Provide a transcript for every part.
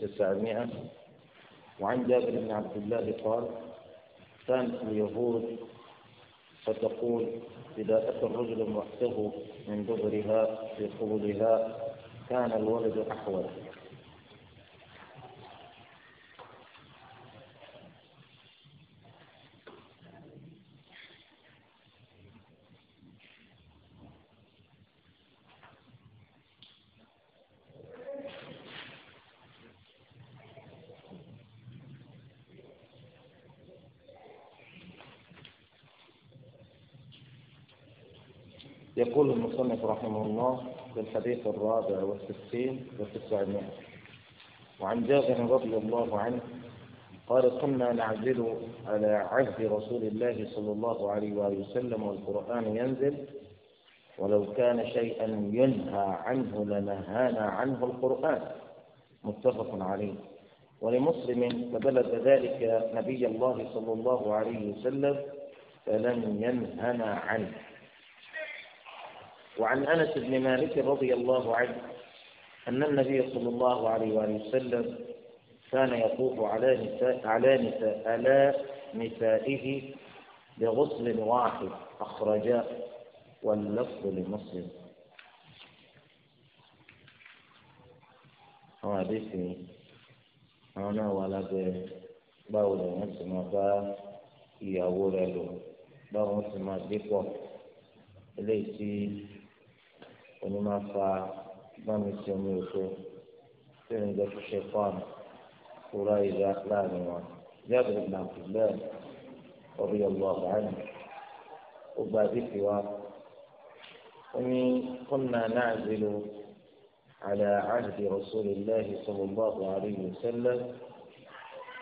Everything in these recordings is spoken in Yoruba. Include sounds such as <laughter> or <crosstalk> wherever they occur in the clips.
تسعمائة وعن جابر بن عبد الله قال كانت اليهود فتقول إذا أتى الرجل امرأته من دبرها في قبلها كان الولد أحول يقول المصنف رحمه الله في الحديث الرابع والستين وتسعمائة وعن جابر رضي الله عنه قال كنا نعزل على عهد رسول الله صلى الله عليه وآله وسلم والقرآن ينزل ولو كان شيئا ينهى عنه لنهانا عنه القرآن متفق عليه ولمسلم فبلغ ذلك نبي الله صلى الله عليه وسلم فلم ينهنا عنه وعن أنس بن مالك رضي الله عنه أن النبي صلى الله عليه وآله وسلم كان يطوف على نساء على نساء على نسائه بغسل واحد أخرجاه واللفظ لمسلم àwọn àdéhùn àwọn náà wà lábẹ́ báwo ni wọ́n ti máa bá ìyàwó rẹ̀ òní máa fa bámi sí omi òtó tí òní jẹ́ kí ṣe fáàmù kúrò ìyá láàrin wọn. jáde ìgbà bẹ́ẹ̀ ọ̀rẹ́ ọ̀gbọ́n àbáyé ó gba àdìsí wa ó ní kọ́nà náà zèlò على عهد رسول الله صلى الله عليه وسلم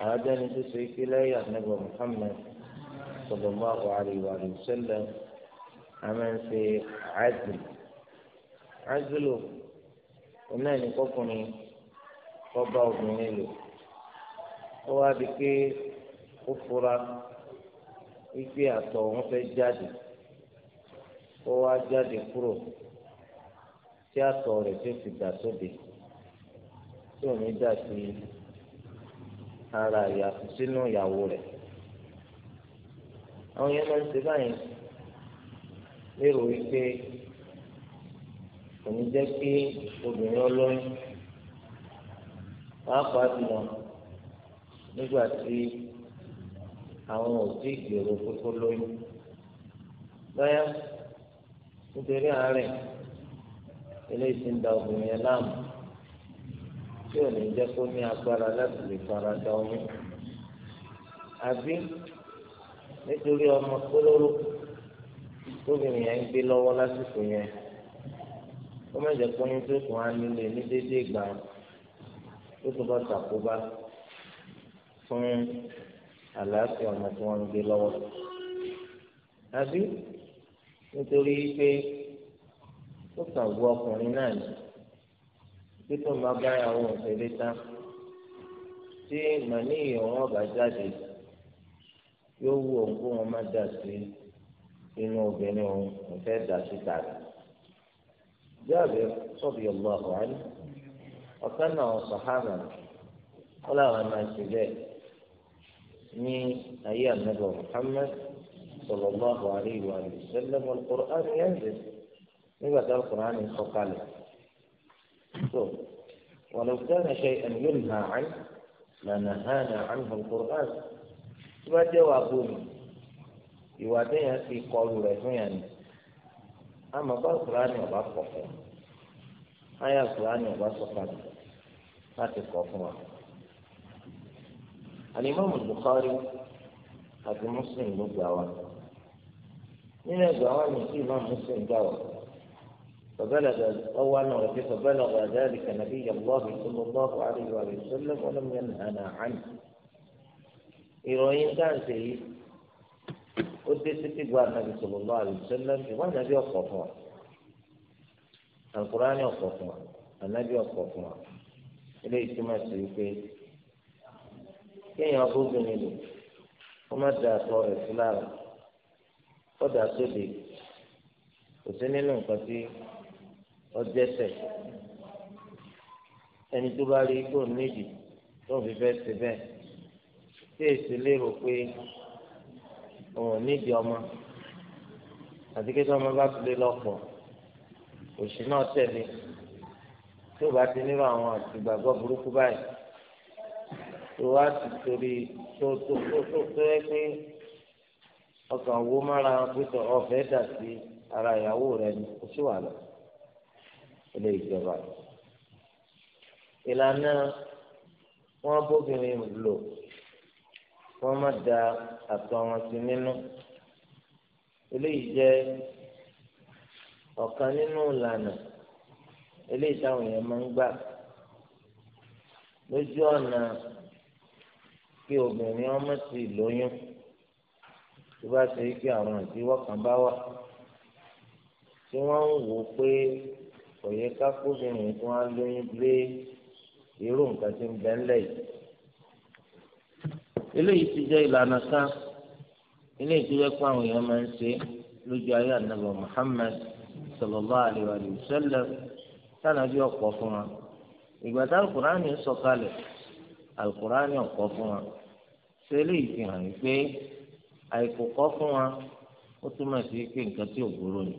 هذا نتسعي كلاية نبي محمد صلى الله عليه وآله وسلم أمن في عدل azulu ọ̀nà ìnìkọ́kùnrin kọ́ba obìnrin lò ó wá di pé ó fura wípé àtọ̀ òun fẹ́ jáde ó wá jáde kúrò tí àtọ̀ rẹ̀ tó fi dà sóde tí òun dà sí ara ìyàtọ̀ sínú ìyàwó rẹ̀ àwọn yẹn máa ń ṣe báyìí lérò wípé kò ní jẹ́ kí obìnrin olóyún pàápàá jùlọ nígbà tí àwọn òbí ìgbèrò kókó lóyún lọ́yà nítorí àárẹ̀ eléyìí ti ń da obìnrin yẹn láàmú tí ò ní jẹ́ kó ní agbára láti lè fara da omi àbí nítorí ọmọ kólóró tóbìnrin yẹn ń gbé lọ́wọ́ lásìkò yẹn ó mẹ́jọ pé oyún tó tún á nílé ní déédéé gbà tó tún bá ṣàkóbá fún àlàáfíà ọmọ tí wọ́n ń gbé lọ́wọ́ àbí nítorí pé ó kàn wọ ọkùnrin náà ní pé tó máa bá ìyàwó òṣèré tán tí màní ìyọ̀wọ́n ọ̀bà jáde yóò wù òun kó wọn má dà sí inú obìnrin òun kò fẹ́ dà síta rẹ̀. جابر رضي الله عنه وكان صحابا ولا ما سيدي من أيام نبي محمد صلى الله عليه وآله وسلم والقرآن ينزل نبقى القرآن يتقال ولو كان شيئا ينهى عنه لنهانا عنه القرآن ما جوابوني يواتيها في قول يعني àmọ́ bá kúránì ọba kọ fún wa àyà kúránì ọba sọ padà láti kọ fún wa. alimami Bukhari àti Muslim ló gbà wá nínú ẹgbẹ́ àwọn àmì tí imam Muslim gbà wá. فبلغ أو أنه فبلغ ذلك نبي الله صلى الله عليه وسلم ولم ينهنا عنه. إيروين كان سيد ó dé títí gba ànábì sallallahu alaihi wasallam ṣùgbọ́n ànábì ọ̀pọ̀ fún wa àǹkúrá ní ọ̀pọ̀ fún wa ànábì ọ̀pọ̀ fún wa ilé ìtumọ̀ sí wípé kéèyàn gómìnà lò kó má da àtọ rẹ̀ sí lára kó dà sóde kò sí nínú nǹkan tí ọjẹsẹ ẹni tó bá rí kó nídìí tó fi fẹ́ ṣe bẹ́ẹ̀ tí èsì lérò pé òun ò ní ìdí ọmọ àti kí sọmọ bá ti lé lọ́pọ̀ òṣì náà tẹ̀lé tí ò bá ti nírò àwọn àtìgbàgbọ́ burúkú báyìí tó wá ti torí tó tó tó tó tó yẹ pé ọkàn wo mára pété ọ̀fẹ́ dà sí ara ìyàwó rẹ ni kò sí wàhálà ilé ìjọba ìlànà wọn bóbìnrin lò wọ́n má da àtọ̀ wọn sí nínú eléyìí jẹ́ ọ̀kan nínú ìlànà eléyìí táwọn èèyàn máa ń gbà lójú ọ̀nà kí obìnrin ọmọ ti lóyún tó bá ṣe kí àwọn ìdíwọ́ kan bá wà tí wọ́n ń wò ó pé kò ká kóbìnrin tí wọ́n á lóyún lé irú nǹkan tí ń bẹ yìí eléyìí ti jẹ́ ìlànà kan eléyìí tó yẹ kó àwọn èèyàn máa ń ṣe lójú ayé ànábì Muhammad sallallahu alaihi wa sallam tánàbí ọ̀pọ̀ fún wa ìgbà tá alukùránì ń sọ̀kalẹ̀ alukùránì ọ̀pọ̀ fún wa ṣe eléyìí fi hàn pé àìkòkọ́ fún wa ó túmọ̀ sí pé nǹkan tí ò gbúrò ni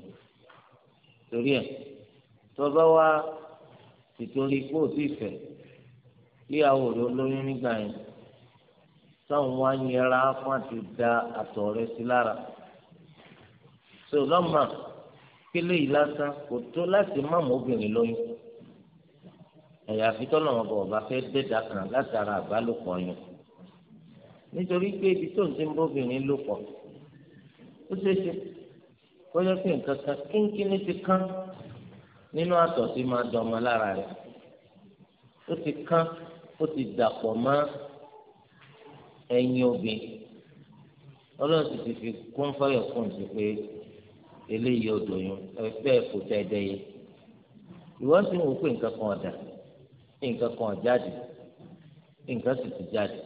torí ẹ̀ tó bá wá tìtorí kó o ti fẹ́ ìyàwó olóyún nígbà yẹn táwọn wá ń yẹra fún àti da àtọ̀ rẹ sí lára tó lọ́mà kélé yìí lásán kò tó láti má mọ obìnrin lóyún ẹ̀yà àfitọ́nà ọ̀bọ̀ ọ̀bá fẹ́ dẹ́dà kan látara àbálòpọ̀ yẹn nítorí pé ibi tó ń ti ń bóbìnrin lò pọ̀ ó ṣeé ṣe kó yẹ kí nǹkan kan kínkínní ti kán nínú àtọ̀ tí máa dán ọmọ lára rẹ̀ ó ti kán ó ti dàpọ̀ mọ́ ẹyin obìnrin ọlọ́sì ti fi kún fọyọ̀ fún ti pé eléyìí odòyún ẹgbẹ́ kò tẹ́ ẹdẹ yìí ìwọ́n sì ń wò pé nǹkan kan ọ̀dà nǹkan kan ọ̀jáde nǹkan sì ti jáde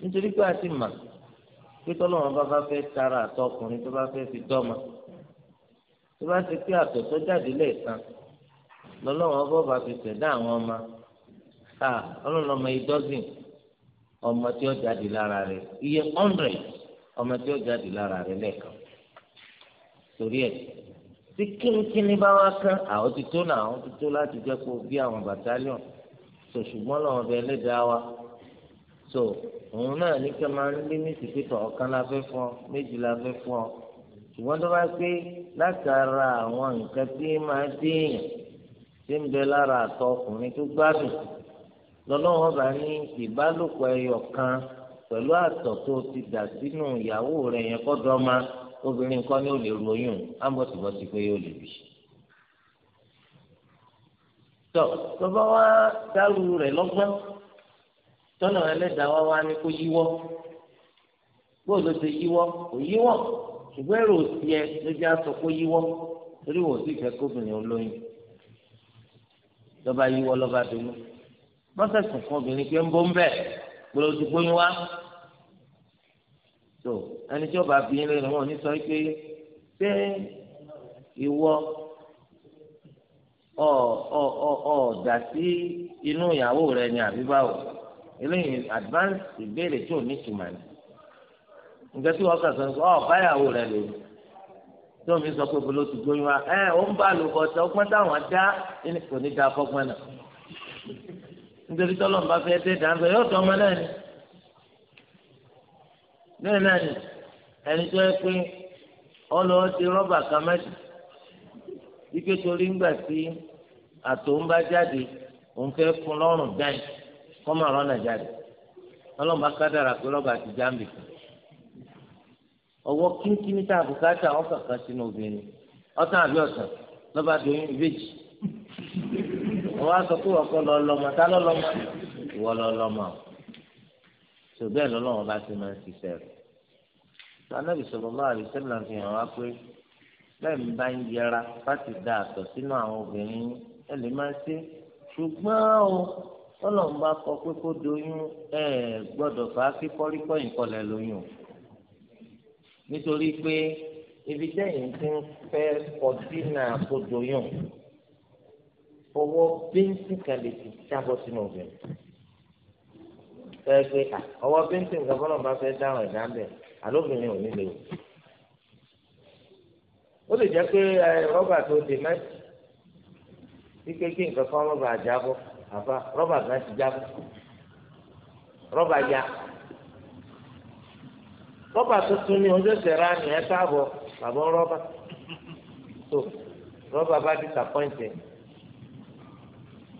nítorí pé a ti mà pé tọ́lọ́wọ́n bá bá fẹ́ tara àtọkùnrin tó bá fẹ́ fi dọ́mọ tó bá ti pé àtọ̀tọ̀ jáde lẹ́ẹ̀kan lọ́lọ́wọ́n bọ́ bá fi ṣẹ̀dá àwọn ọmọ ọlọ́run ọmọ yìí dọ́sìn ọmọ tí ó jáde lára rẹ̀ iye hundred ọmọ tí ó jáde lára rẹ̀ lẹ́ẹ̀kan torí ẹ̀ tí kínkínní bá wá kán àwọn ti tó náà àwọn ti tó láti jẹ́ kó bí àwọn bàtálíọ̀n tó ṣùgbọ́n lọ́wọ́ bẹ ẹlẹ́dàá wa so òun náà ní kí ẹ máa ń lé ní ìsìkítọ̀ ọ̀kan la fún ọ méjì la fún ọ ṣùgbọ́n tó bá pé látara àwọn nǹkan tí máa dé èèyàn tí ń bẹ lára àtọ ọkùnrin tó gbádùn lọ́lọ́wọ́ bá ní ìbálòpọ̀ ẹyọ kan pẹ̀lú àtọ̀ tó ti dà sínú ìyàwó rẹ̀ yẹn kọ́dọ̀ ma obìnrin kan ní ò lè ru oyún ámbọ̀tìbọ̀tì pé yóò lè bì. tọ́ tó bá wá dárú rẹ̀ lọ́gbọ́n tọ́nà ẹlẹ́dàá wá wá ní kó yíwọ́ bó ló ti yíwọ́ kò yíwọ́ ṣùgbọ́n èrò tiẹ̀ ló jẹ́ aṣọ kó yíwọ́ torí wò ó sì fẹ́ kóbìnrin olóyún lọ́ba yíwọ́ lọ́ba dunú bọ́sẹ̀ sùn fún obìnrin pé ń bọ́ ń bẹ̀ gbọ́dọ̀ ti gbóyún wá. tó ẹni tí ó bá bí ilé wọn ní sọ pé ṣé ìwọ ọ ọ ọ ọ dà sí inú ìyàwó rẹ ni àbí báwo eléyìí advance ìbéèrè tí ò ní tùmọ̀ ní. nǹkan tí wọ́n kà sọ ni ọ báyàwó rẹ lè ní tó mi sọ pé bolo ti gbóyún wa ẹ ó ń bá lò bọ̀tẹ́ ọgbọ́n táwọn dá ẹni kò ní da fọ́gbọ́n náà. nítorí tọ́lọ̀ ń bá fẹ́ dé dáńgbẹ́ yóò tọ́ ọmọ náà ni bẹ́ẹ̀ náà ni ẹni tó yẹ pé ọlọ́wọ́ ti rọ́bà kan mẹ́tì wípé torí ńgbà tí àtò ń bá jáde òun fẹ́ fún lọ́rùn dáì kọ́ máa rọ́nà jáde ọlọ́mọ akádàrà pé rọ́bà ti jáàmbì kan ọwọ́ kínkínní tá a bùkátà ọkàn kan sínú obìnrin ọ̀tàn àbí ọ̀tàn lọ́ba ìbejì. wọ́n wá sọ pé ọkọ lọ lọ́mọ tá lọ lọ́mọ ìwọ lọ lọ́mọ tó bẹ́ẹ̀ lọ́lọ́wọ́n bá ti máa ń ṣiṣẹ́ rẹ̀ anábì sallallahu alaihi wasallam fi hàn wá pé lẹ́yìn bá ń yẹra láti dá àtọ̀ sínú àwọn obìnrin ẹ lè máa ṣe ṣùgbọ́n o ọlọ́run bá kọ pé kó doyún ẹ gbọ́dọ̀ fà á kí kọ́ríkọ́ ìkọlẹ̀ lóyún nítorí pé ibi tẹ́yìn ti ń fẹ́ kọtínà kó doyún ọwọ́ bíńsì kan lè ti jábọ́ sínú obìnrin fẹ́ẹ́ pé ọwọ́ bíńsì nǹkan bọ́lá bá fẹ́ dáhùn ẹ̀dá bẹ̀ alóbìnrin ò ní lè wò ó lè jẹ́ pé rọ́bà tó di mẹ́tì wípé kí nǹkan kan rọ́bà jábọ́ àbá rọ́bà kan ti jábọ́ rọ́bà ya rọ́bà tuntun ni oúnjẹ sẹ̀rá ni ẹ káàbọ̀ bàbá rọ́bà tó rọ́bà bá disappointed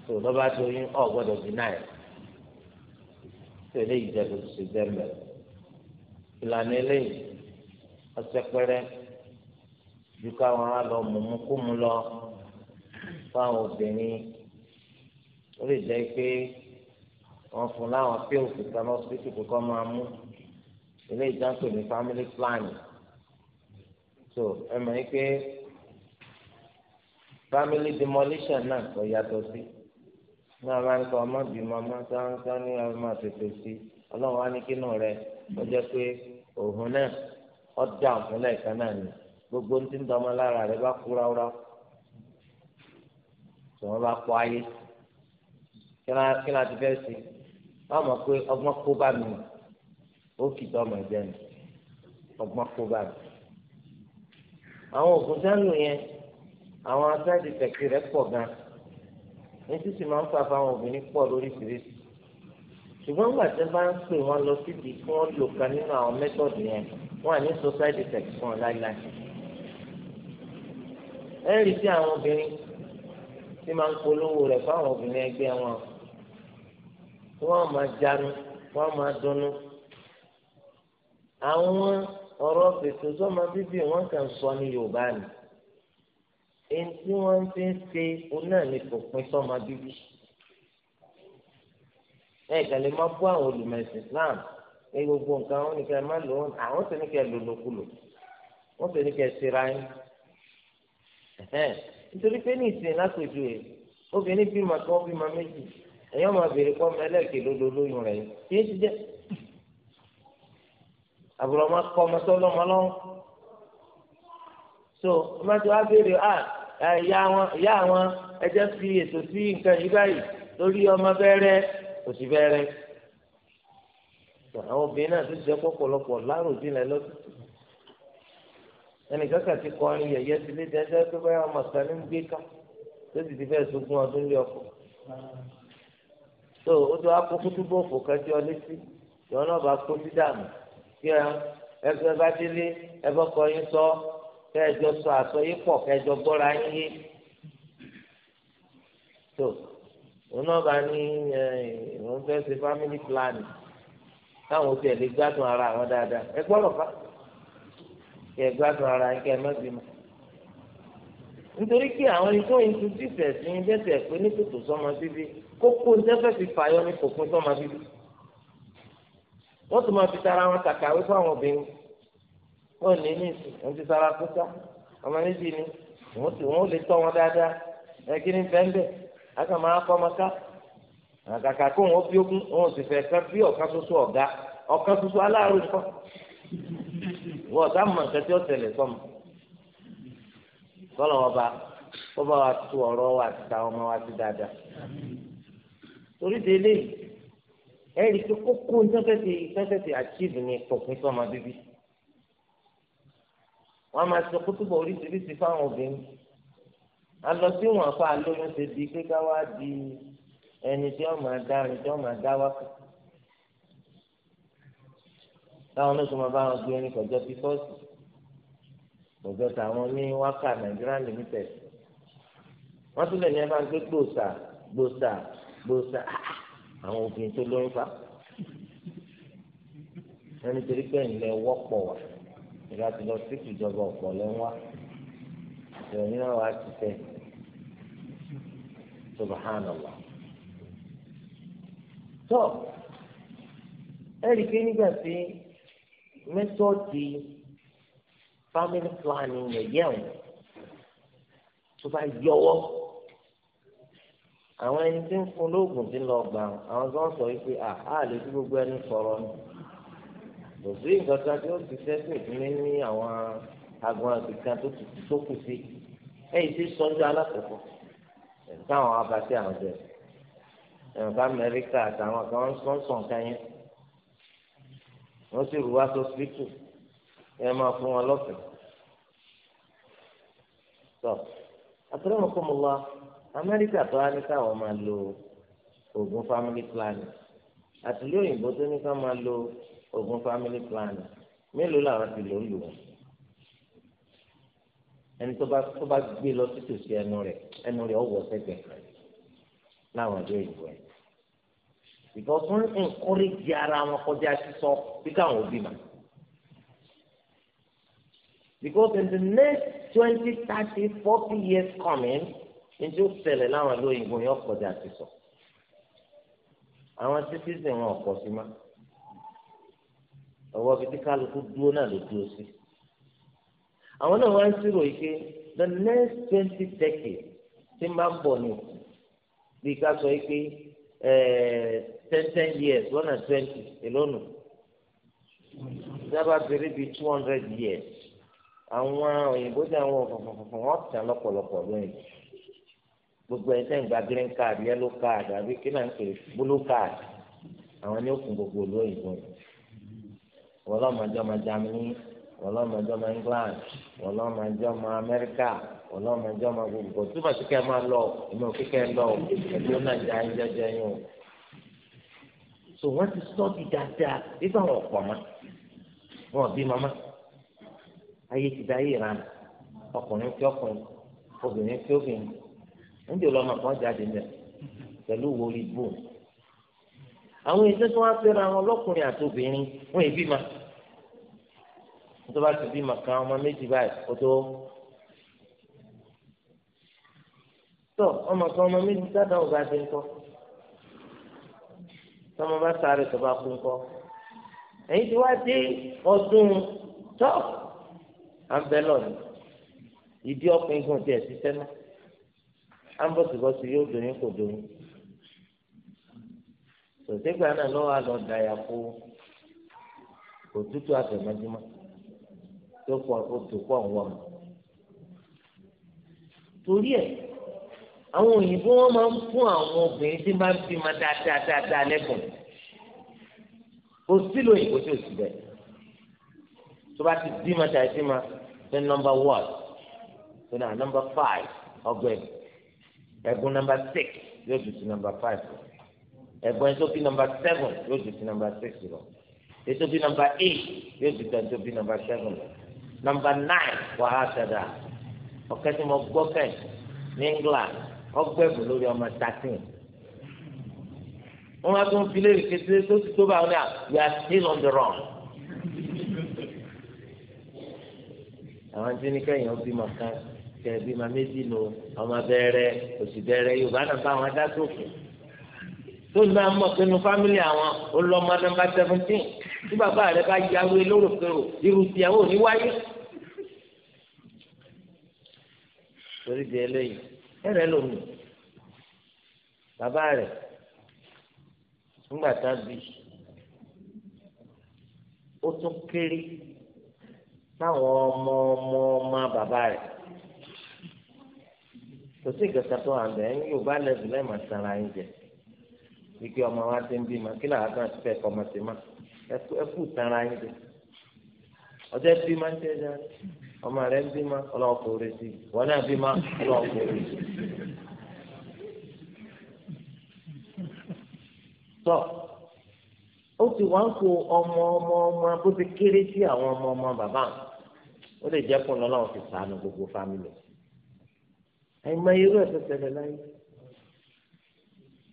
tó lọ́ba tó yín ọ̀ gbọ́dọ̀ bí náà tó eléyìí jẹ́ kó ṣe jẹ́ mẹ́ ìlànà eléyìí ọ̀sẹ̀ pẹ́rẹ́ ju káwọn á lọ mọ̀mú kó mu lọ fáwọn obìnrin ó lè jẹ́ pé wọ́n fún láwọn pills kan lọ́sibítù kó kọ́ máa mú eléyìí jẹ́ ní family planning so ẹ mọ̀ ní pé family demolition náà kò yàtọ̀ sí. So, náà bá ń kọ ọmọ bímọ ọmọ sáńsá ní ọmọ tètè sí ọlọ́run á ní kínú rẹ ó jẹ́ pé òun náà ó dá òun lẹ́ẹ̀kan náà ni gbogbo ń ti ń dọmọ lára rẹ bá kú ráúrá tí wọ́n bá kọ́ ayé kí ni a ti fẹ́ sí wọ́n mọ̀ pé ọgbọ́n kó bá mi ó kì í dọ́mọ ẹ̀jẹ̀ mi ọgbọ́n kó bá mi. àwọn òògùn sẹ́nu yẹn àwọn asáàdì tẹ̀kì rẹ̀ pọ̀ gan-an ní sísì máa ń fà fáwọn obìnrin pọ̀ lóríṣiríṣi ṣùgbọ́n nígbà tí wọ́n bá ń pè wọ́n lọ síbi kí wọ́n lò kan nínú àwọn mẹ́tọ̀dù yẹn wọ́n à ní society sex fún ọ láíláí. ẹ rí sí àwọn obìnrin tí máa ń polówó rẹ̀ fáwọn obìnrin ẹgbẹ́ wọn tí wọ́n máa jánu wọ́n máa dunnú. àwọn ọ̀rọ̀ fètò sọ́mọ bíbí wọ́n kàn sọ ní Yorùbá nìí èyí tí wọ́n fi ń ṣe òun náà ni kò pin sọ́mọ bíbí ẹ̀ kẹ́lẹ́ má bú àwọn olùmọ̀ẹ̀sìn Islam ní gbogbo nǹkan wọn ni kẹ́ má lò ó àwọn sì ní kẹ́ lò lòkulò wọ́n sì ní kẹ́ ṣera yín nítorí pé ní ìsìn lápèjú ẹ̀ obìnrin bímọ kan bímọ méjì èèyàn máa béèrè pọ́ mẹ́lẹ́kẹ̀ lódò lóyún rẹ̀ kí é ti jẹ́ àbúrò ọmọ kọ́ ọmọ sọ́lọ́mọ lọ́wọ́ so ọmọ tí wàá béèrè ah ìyá wọn ìyá wọn ẹ jẹ́ fi ètò sí nǹkan yìí báyìí lórí ọmọ bẹ́rẹ́ kò sí bẹ́rẹ́ àwọn obìnrin náà tó jẹ́ pọ̀pọ̀lọpọ̀ láròjinlẹ̀ lọ́dún ẹnì kankan ti kọrin yẹ̀yẹ́ sí ilé jẹ́jẹ́ tó bá yà ọmọ kan ní gbé ká tó sì ti fẹ́ sógun ọdún lé ọkọ̀ tó o tó akó kútúbọ̀ òfò kan tí ọ létí ìwọ náà bá kó sí dànù kí ẹ ẹ bá délé ẹ bọ́ kọrin sọ kẹjọ sọ àsọyé pọ kẹjọ nye yíyé tó òun náà bá ní òun fẹ́ ṣe family planning táwọn òbí ẹ̀ gbádùn ara àwọn dáadáa ẹ gbọ́dọ̀ ká kẹ gbádùn ara yín kẹ mẹ́bí mọ́ nítorí kí àwọn ẹni tó ń tuntun ìfẹ̀sí dẹ́sẹ̀ pé ní sọmọ bíbí kókó wọn ní ní ìsìn wọn ti sara kúta ọmọ méjì ni wọn ti wọn lè tọ́ wọn dáadáa ẹgbẹ ní bẹńbẹ aka máa kọ ọmọ ká àkàkà kó wọn fi ogún wọn sì fẹ́ ká bí ọ̀kan ṣoṣo ọ̀gá ọ̀kan ṣoṣo aláàrú nǹkan wọn ọ̀gá mọ nǹkan tí ó tẹ̀lé sọmọ kọlọ wọn bá wọn bá wa tu ọ̀rọ̀ wa àti ta ọmọ wa ti dáadáa torí délé ẹ rí i pé kókó ní sẹfẹsì sẹfẹsì àchíìfù ni pọpin sọmọ bíbí wọ́n máa ṣe kútùbọ̀ oríṣiríṣi fáwọn obìnrin alọ sí wọn fa lóyún ṣe di pé ká wá di ẹni tí wọ́n máa dá ẹni tí wọ́n máa dá wákà táwọn lóṣù máa bá wọn gbé ní kọjọ pípọ́sì kọjọ táwọn ní wákà nàìjíríà limited wọ́n tún lè ní ẹ bá ń gbé gbòòsà gbòòsà gbòòsà àwọn obìnrin tó lóyún fa ẹni torí pé ńlẹ wọ́pọ̀ wà ìgbà tí lọ sí ìjọba ọ̀pọ̀ lẹ́wọ́n ìṣẹ̀lẹ̀ nínú wa ti tẹ̀ subhanallah. tó ẹ̀rí pé nígbà tí mẹ́tọ́ọ̀dì family planning yẹn yẹ̀wò tó bá yọwọ́ àwọn ẹni tí ń fún lóògùn tí ń lọ gbà àwọn tó ń sọ wípé àá lè gbogbo ẹni sọ̀rọ̀ ni kò sí nǹkan kan tí ó ti sẹ́sìn ìpínlẹ̀ ní àwọn agbọn àgbẹ̀kan tó ti sókù sí ẹ̀yìn tí sọ́jọ́ alákọ̀ọ́kọ́ ẹ̀ka àwọn abatí àwọn jẹ ẹ̀ka Amẹ́ríkà àtàwọn kan ń sọ́nsọ̀ nǹkan yẹn wọ́n sì rú wá sọ́sìbítù ẹ máa fún wọn lọ́fẹ̀ẹ́ tọ́ àtúrọ̀mù kọ́ mọ́ wa Amẹ́ríkà tó wá ní káwọn máa lo oògùn family planning àtìlẹ́yìnbó tó ní ká máa lo oògùn family planning mélòó làwọn ti lò ń lò wọn ẹni tó bá tó bá gbé lọ títòsí ẹnu rẹ̀ ẹnu rẹ̀ ọwọ́ sẹgbẹ kan láwọn ọjọ́ ìbò ẹ ìbọn fún nkórèjì ara wọn kọjá sísọ bí káwọn òbí mà because in the next twenty thirty forty years coming njẹ́ ó ṣẹlẹ̀ láwọn olóyìnbó yẹn ọ̀pọ̀jà ti sọ àwọn títí sì wọn ọ̀pọ̀ sí máa ọwọ́ bíi tí kálukú dúró náà ló dúró sí. àwọn náà wá ń sírò yìí pé the next twenty decade ti máa ń bọ̀ ní bí ká sọ yìí pé eh, ten ten years one and twenty ìlónù dábàá bèrè bíi two hundred years àwọn òyìnbó tí àwọn ọ̀fọ̀fọ̀fọ̀ wọn tà lọ́pọ̀lọpọ̀ lóyìn gbogbo ẹ̀ sẹ́yìn gba green card yellow card àbí kí náà ń pè blue card àwọn ní òkun gbogbo lóyìnbó yìí wọ́n lọ́mọdé ma Germany wọ́n lọ́mọdé ma England wọ́n lọ́mọdé ọmọ Amẹ́ríkà wọ́n lọ́mọdé ọmọ gbogbo túbọ̀ sí kẹ́ ẹ máa lọ ìmọ̀ kíkẹ́ ẹ lọ ẹ̀dọ́ náà jẹ́ ayé yín o. so wọ́n ti sọ́ọ̀dì dáadáa nígbà wọn ọ̀pọ̀ mọ́ wọn bí mama ayé ti dá ayé ìranà ọkùnrin fi ọkùnrin obìnrin fi obìnrin ń dè lọ́mọ kan jáde mẹ́ pẹ̀lú àwọn èso tí wọ́n á fẹ́ra wọn lọ́kùnrin àti obìnrin wọ́n èbí ma tó bá ti bí ma kan ọmọ méjì báyìí kó tó tó ọmọ kan ọmọ méjì sáadà ọba ti ń kọ tọmọ bá sáré tó bá kú ń kọ ẹ̀yin tí wàá dé ọdún tó àbẹlọ ni ìdí ọkùnrin gùn tiẹ̀ sí sẹ́nà ambọ̀sibọ̀sì yóò dòyìn kò dòyìn sòtégbà náà lọ́wọ́ àlọ́ dàyà kó òtútù àfẹ̀mọ́júmọ́ tó pọ̀ tó pọ̀ ń wọ̀ mọ́. torí ẹ̀ àwọn òyìnbó wọn máa ń fún àwọn obìnrin tí máa ń bímọ dáadáa dáadáa lẹ́kùn kò sí lóyìnbó tí ò sí bẹ́ẹ̀ tó bá ti bímọ tàyí bímọ ní nọ́mbà one tó náà nọ́mbà five ọgbẹ́ni ẹ̀gún nọ́mbà six yóò dùn sí nọ́mbà five rẹ̀ ẹ̀gbọ́n ẹni tó bí nọmba seven yóò ju ti nọmba six lọ ẹni tó bí nọmba eight yóò ju ti ẹni tó bí nọmba seven lọ nọmba nine wà á sẹ̀dá ọ̀kẹ́ tí mo gbọ́ kẹ́ ní England ọgbẹ́bù lórí ọmọ thirteen wọ́n á tún filé ìkété tó ti tó báwọn náà we are still on the run. àwọn tí ní kẹ́yìn ó bímọ kan kẹ́ bímọ méjì lò ọmọ bẹ́ẹ̀rẹ̀ òsì bẹ́ẹ̀rẹ̀ Yorùbá náà bá wọn dá sófin tó náà mọ̀ pé nu fámìlì àwọn olọ́mọ nọ́mbà seventeen tí bàbá rẹ bá yàwó elóròkèrò irú tiẹ̀ ò ní wáyé. torí di eléyìí ẹrẹ lomi bàbá rẹ nígbà tá a bí ó tún kéré táwọn ọmọ ọmọ ọmọ bàbá rẹ kò sí ìgbésẹ̀ tó hàn bẹ́ẹ̀ ń yóò bá lẹ́sùn lẹ́ẹ̀mọ́ sara ń jẹ wípé ọmọ wa ti ń bímọ kí làwọn kan ti fẹ́ kọ́mọ sí ma ẹkú tara yín dé ọjọ́ bímọ ń tẹ́jà ọmọ rẹ ń bímọ ọlọ́ọ̀kọ́ rẹ sí wọn náà bímọ ọlọ́ọ̀kọ́ rẹ sí. tọ́ ó ti wá ń kó ọmọ ọmọ ọmọ bó ti kéré sí àwọn ọmọ ọmọ bàbá ó lè jẹ́ kó lọ́lọ́run ti sànù gbogbo fámìlì ẹ̀yin máa yẹ irú ẹ̀ tó ṣẹlẹ̀ láyé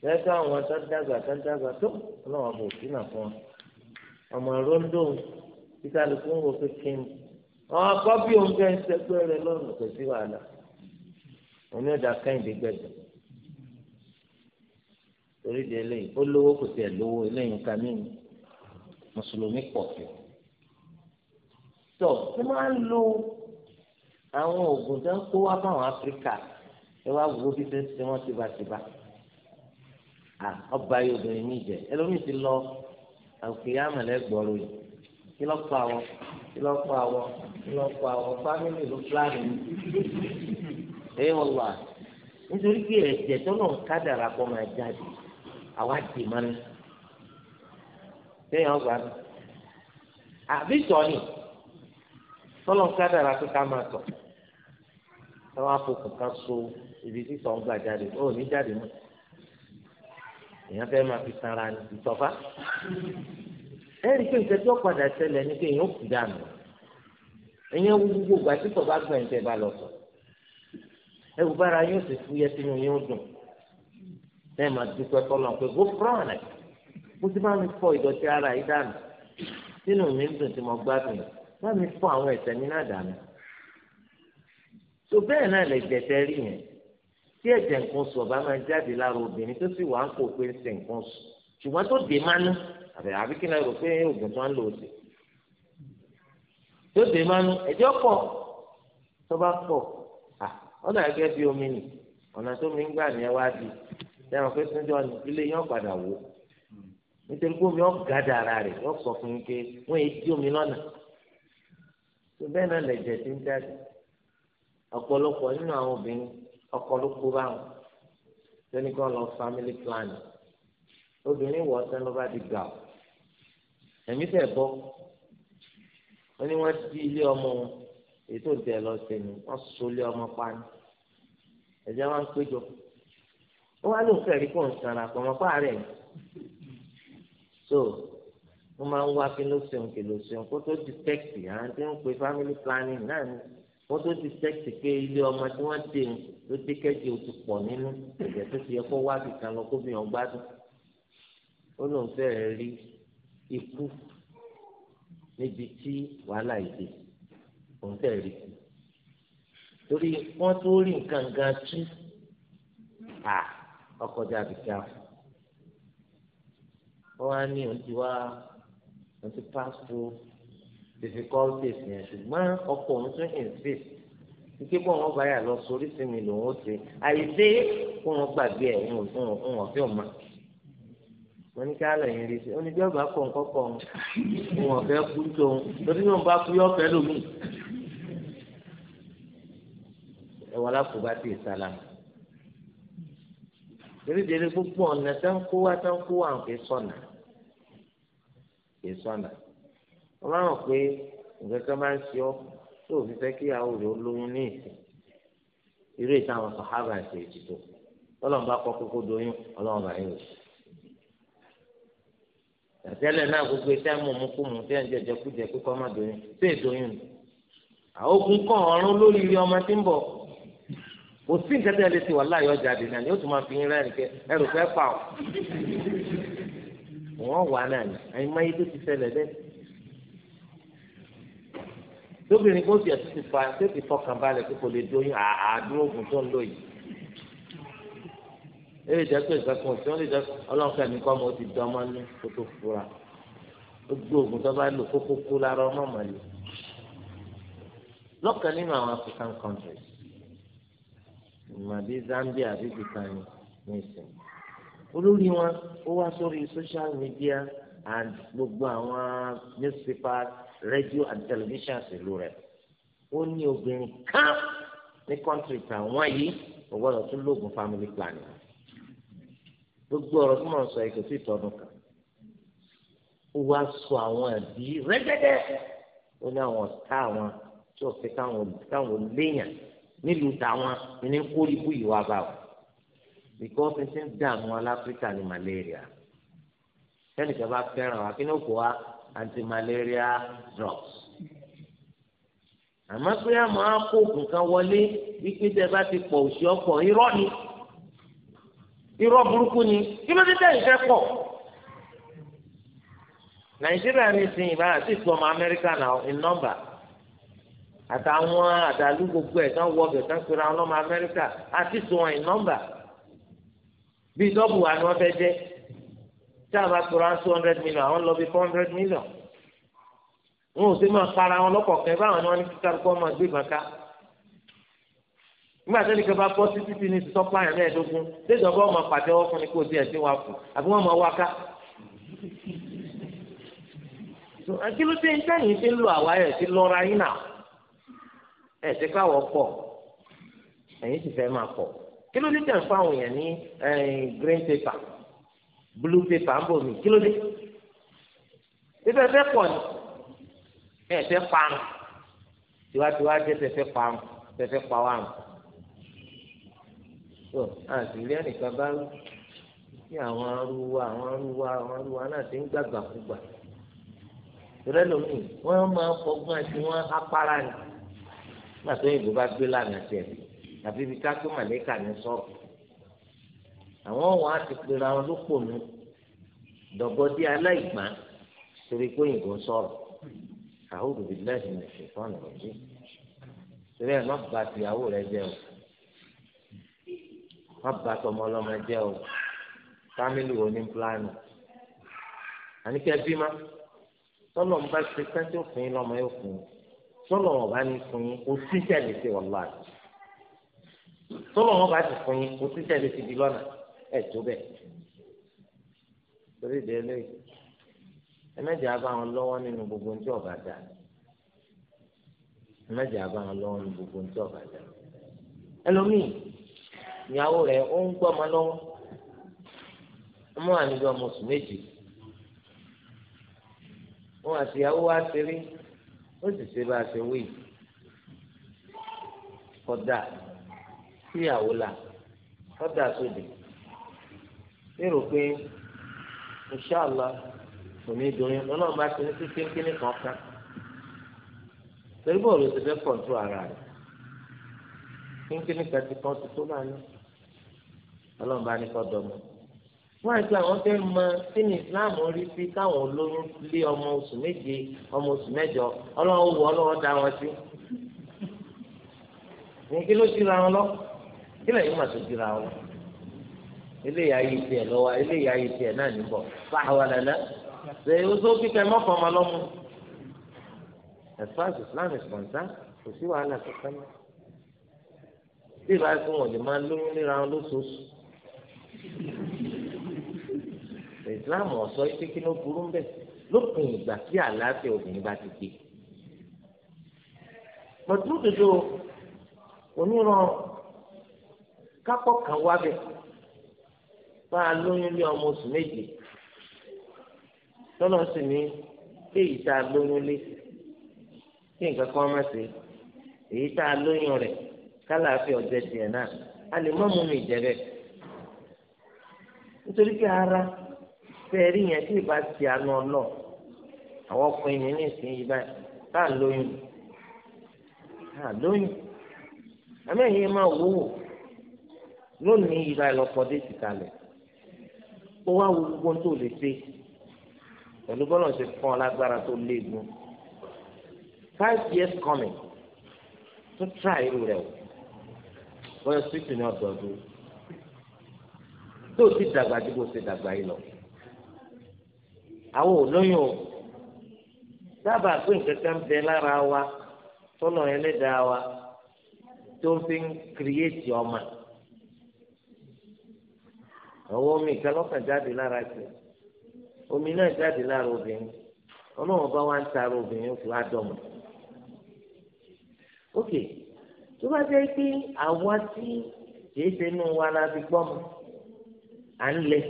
lẹ́tọ́ àwọn tó dàgbà tó dàgbà tó ọlọ́wọ́ bò sí nà fún ọ ọmọ rondo kíkálukú ń wo kékeré àwọn akọ́ bí òun fẹ́ sẹ́gbẹ́ rẹ lọ́rùn kò sí wàhálà òun ní ọjà kẹ́hìndé gbẹ̀dẹ̀ torí di eléyìí ó lówó kò tiẹ̀ lówó eléyìí nǹkan mímu mùsùlùmí pọ̀ fẹ́ tó ṣé máa ń lo àwọn oògùn tó ń kó wá fáwọn áfíríkà ẹ wá wo bí ṣe ń ṣe tibatiba. Tiba. tiba ọba yóò bẹ̀rẹ̀ mí jẹ ẹlòmíì ti lọ àkùyàmọ̀ lẹ́gbọ̀ọ́rọ̀ yìí kí lọ́ pa wọ́n kí lọ́ pa wọ́n kí lọ́ pa wọ́n fámìlì ló pláàni ẹ wọ́n wà nítorí pé ẹ̀jẹ̀ tó náà kádàrà kọ́ máa jáde àwa dì mọ́ni sẹ́yìn ọgbà mi àbí sọ́ni tọ́lọ̀ kádàrà tó ká máa tọ̀ táwọn afọkùn kan so ibi tí sọ̀ ń gbà jáde ó ní jáde mọ́ èèyàn fẹ́ máa fi sanra ìtọ́fà ẹ̀rí pé nǹkan tí ó padà ṣẹlẹ̀ ni pé èèyàn kù dànù èèyàn wú gbogbo ìgbà tí tọ́ba gbọ̀n tẹ́ bá lọ sọ ẹ̀rù bára yóò sì fúyẹ́ sínú yóò dùn bẹ́ẹ̀ máa dúpẹ́ kọ́lọ́n pé go fúrọ́ọ̀nà mo ti bá mi fọ ìdọ̀tí ara yìí dànù sínú mi ń dùn tí mo gbádùn bá mi fọ àwọn ẹ̀ṣẹ̀ mi náà dànù tó bẹ́ẹ̀ náà lè jẹ̀tẹ̀ rí yẹn tí ẹ̀jẹ̀ nǹkan oṣù ọba máa jáde lára obìnrin tó sì wà ń kó pé ń ṣe nǹkan oṣù ṣùgbọ́n tó dé mánú àbẹ̀ àbí kí náà rò pé oògùn tó ń lò sí tó dé mánú ẹ̀jẹ̀ pọ̀ tó bá pọ̀ ọ̀nà ẹgbẹ́ bíi omi nì ọ̀nà tó mi ń gbà ní ẹwà di lẹ́yìn pé túnjọ́ ni ilé yẹn padà wò nítorí pé omi ọ̀gádà ara rẹ̀ wọ́n sọ fún mi pé wọ́n èé dí omi lọ́nà bẹ́ẹ̀ náà lẹ̀jẹ̀ ti ń jáde ọ̀pọ̀lọpọ̀ nínú àwọn obìnrin ọkọ ló kó bá wọn lónìí kan lọ family planning obìnrin wọ ọsẹ ló bá di gà ọ ẹmí tẹ bọ wọn ni wọn di ilé ọmọ wọn ètò ìtẹ lọ sẹni wọn sọ ilé ọmọ pani ẹjẹ wọn péjọ wọn wá lóun fẹẹ rí kó n sanra pọ ọmọ pààrẹ ni so wọn máa ń wá kí ló ṣeun kí ló ṣeun kó tó di tẹkì àwọn tí wọn pe family planning náà ni wọ́n tó ti sẹ́ẹ̀sì pé ilé ọmọ tí wọ́n dé ń ló dé kẹ́jì ó ti pọ̀ nínú ẹ̀jẹ̀ tó ti yẹ kó wá sí kan lọ kó bìyàn gbádùn ó lóun fẹ́rẹ̀ rí ikú níbi tí wàhálà ìdè òun fẹ́rẹ̀ rí ikú torí wọ́n tó rí nǹkan gan tú à ọkọjá àbíkà wọ́n á ní òun ti wá òun ti pass difficulties yẹn ṣùgbọ́n ọkọ òun tún insist ike bọ́ wọn bá yà lọ sórí sinmi lòun ó ṣe àìsí kó wọn gbàgbé ẹ̀ ń wọ̀n fi ọ̀ma wọn ní ká lẹ́yìn rí sí oníjẹ́ ọba kọ̀ ń kọ́kọ́ ń wọ̀n fẹ́ kú tó ń torí náà bá kú yọ̀ọ́fẹ́ lómi ẹ̀wọ̀n alákòóbá ti sálámù erédèrè gbogbo ọ̀nà tó ń kó wá tó ń kó sọ̀nà kì sọ̀nà wọ́n máa hàn pé nǹkan kan máa ń ṣe ọ́ tó o fi fẹ́ kí ìyàwó rẹ̀ ó lóyún ní ìsìn irú ìta àwọn sàhábà ṣe ètùtù ọlọ́run bá kọ́ kókó doyún ọlọ́run bá yín o. tàtẹ́lẹ̀ náà gbogbo iṣẹ́ mú mú kú mú sí ẹ̀jẹ̀ jẹkújẹ kíkọ́ má doyún sí èdoyún ni. àókùn kàn ọ̀run lórí ilé ọmọ tí ń bọ̀ kò sí nǹkan tẹ́ lè ti wà láàyò ọjà àdìní àná yóò tún máa fi yín rẹ́rìn kẹ ẹrù fẹ́ pa ọ́. wọ́n wà náà ni àyìnbáyé tó ti ṣẹlẹ̀ bẹ́ẹ̀ lóbìnrin kó sì ẹ̀sìn ti fa ṣé ti fọkàn balẹ̀ kó kò lè dóyún àádúró oògùn tó ń lò yìí. ẹ lè jẹ́ pé nǹkan kan sí wọ́n lè jẹ́ ọlọ́ọ̀kẹ́ mi kọ́ ọmọ ó ti dán ọmọ ní kó tó fura ó gbé oògùn tó bá lò kókó kú lára ọmọ mọ̀ lò. lọ́kàn nínú àwọn African countries ìmọ̀dé Zambia àbí bìkanì ní olórí wọn ó wá sórí social media and gbogbo àwọn newspapers rédíò àti tẹlifíṣàn sílùú rẹ̀ ó ní obìnrin kan ní kọ́ńtì tàwọn yìí kò gbọ́dọ̀ tún lóògùn family planning gbogbo ọ̀rọ̀ tí mo sọ èkó sí ìtọ́dún kan ó wá sọ àwọn ẹ̀bí rẹ́gẹ́dẹ́ ó ní àwọn ọ̀tá àwọn tí ò fẹ́ káwọn léèyàn nílùú táwọn ní kó ibú yìí wá bá wọn because ti ń dààmú aláfíríkà ní malaria ẹnìkan bá fẹ́ràn wa kí ni ó kó wa Anti-malaria antimalaria drugs àmọ́ pé àmọ́ akó oògùn kan wọlé wípé tẹ bá ti pọ̀ òṣì ọ̀pọ̀ irọ́ ni irọ́ burúkú ni kí ló dé tẹ̀yìn fẹ́ pọ̀ nàìjíríà ní sin ìbára sí from America now in number àtàwọn àdàlú gbogbo ẹ̀ tán wọ ọbẹ̀ tán pera ọlọ́mọ America. àti ìtọ́ wọn in number bíi dọ́bù wa ni wọ́n fẹ́ jẹ́ tí a bá tora two hundred million àwọn lọ bí four hundred million wọn ò sí máa para wọn lọ́kọ̀ọ̀kan báwọn ni wọ́n ní kíkà kọ́ máa gbé ìbọn nígbà tó ní kí n bá bọ́ títí ní sísọ́ pààyàn mẹ́ẹ̀ẹ́dógún déjọ́ bọ́ ọmọ pàtẹ́wọ́ fún ni kó tiẹ̀ sí wa kù àbí wọ́n máa wá ká. kí ló dé níta yìí ti ń lo àwa ẹ̀ ti lọ́ra yín náà ẹ̀ ti káwọ́ pọ̀ ẹ̀yìn ti fẹ́ máa pọ̀ kí ló dé tẹ̀ fún àwọn ní green paper blue paper ń bò mí kí ló dé ẹfẹ fẹ pọ ni ẹ fẹ parun tiwantiwa jẹ fẹfẹ parun fẹfẹ pawarun tó àtìlẹ nìkan bá rú kí àwọn arúgbó àwọn arúgbó àwọn arúgbó náà ti ń gbàgbà kúgbà tẹ́lẹ̀ lómi wọn máa fọgbọ́n àti wọn apara ni gbàtọ ìbò bá gbé lànà tẹ àfi ibi ká tó màlẹkà ní sọ̀rọ̀ àwọn wọn á ti pera wọn lópònú dọ̀gọ́dí aláìgbá torí pé òyìnbó ń sọ̀rọ̀ àhóòdù bíi lẹ́sìn ẹ̀sìn fún ọ̀nà ọ̀dí torí ẹ̀ má bà tìyàwó rẹ jẹ́ o má bà tọmọ ọlọ́mọ jẹ́ o fámìlì wo ní pílánì àníkẹ́ bímá tọ́lọ̀ ń bá ṣe sẹ́ńtì òfin lọ́mọ yóò fún un tọ́lọ̀ wọn bá ní fún yín kò sí tẹ̀lé sí wàhálà tọ́lọ̀ wọn bá ti fún yín kò sí tẹ̀lé sí di lọ́nà ẹ̀ tó bẹ̀ torí ìdè eléyìí ẹ̀mẹ́jì abá wọn lọ́wọ́ nínú gbogbo ní tí ọ̀bà dà ẹ̀mẹ́jì abá wọn lọ́wọ́ nínú gbogbo ní tí ọ̀bà dà ẹlòmíì ìyàwó rẹ̀ ó ń gbọ́ ọmọ lọ́wọ́ ọmọ wa níbi ọmọ oṣù méjì wọn àti ìyàwó wa ṣeré ó sì ṣe bá ṣe wí kódà síyàwó la kódà sódì. So lérò pé inṣàlá kò ní doyún ọlọ́run bá ti ní sí kínkínní kan kan torí bọ́ọ̀lù ti fẹ́ kọ̀ǹtù ara rẹ̀ kínkínní kan ti kọ́ ti tó bá ní ọlọ́run bá ní kọ́ dọ́mọ. wọ́n àti àwọn fẹ́ mọ kí ni islam rí sí káwọn olóyún lé ọmọ oṣù méje ọmọ oṣù mẹ́jọ ọlọ́run wọ ọlọ́run dá wọn sí. ní kí ló ṣíra wọn lọ kí lẹ́yìn mà tó ṣíra wọn lọ eléyà yìí tiẹ̀ lọ́wọ́ eléyà yìí tiẹ̀ náà níbọ̀ fáwọn lẹ́lẹ́ ṣe oṣù kíkẹ́ mọ́kàn máa lọ́mú. as far as Islam is concerned kò sí wàhálà kankan mọ́. bí ìbá fún wọn lè máa lóyún níra wọn lóṣooṣù. Islam ọ̀sọ́ yìí kí ló burú ń bẹ̀ lópin ìgbà tí àlàáfíà obìnrin bá ti gbé. pọ̀tù òdodo onírọ̀ kápọ̀ kan wá bẹ̀. máa lóyún lé ọmọ oṣù méjì lọ́nà sì ní èyí tá a lóyún lé kí nǹkan kan má ṣe èyí tá a lóyún rẹ̀ kálàáfíà ọ̀jẹ̀ tiẹ̀ a lè má mú mi jẹ́rẹ̀ ara fẹ́ẹ́rí yẹn tí ìbá ti àná ọlọ́ àwọn ọkùnrin ní nísìnyí báyìí tá a lóyún tá a lóyún máa lónìí kó wá wo gbogbo tó lè ṣe pẹ̀lú bọ́lá ṣe fún ọ lágbára tó léegun five years coming tó tra irú rẹ o bọ́lá sweet ní ọ̀dọ́dún tó ti dàgbà tí kò ṣe dàgbà yìí lọ àwọn olóyún o dábàá pé nǹkan kan bẹ lára wa tọ́lọ̀ ẹlẹ́dàá wa tó fi ń kírìyèsì ọmọ àwọn omi ìkálọ́kàn jáde lára tiẹ̀ omi náà jáde lára obìnrin ọlọ́run bá wá ń tara obìnrin fún adọ́mọ. ok tó bá jẹ́ pé àwa tí kìí ṣe inú wa la fi gbọ́ mọ́ à ń lẹ̀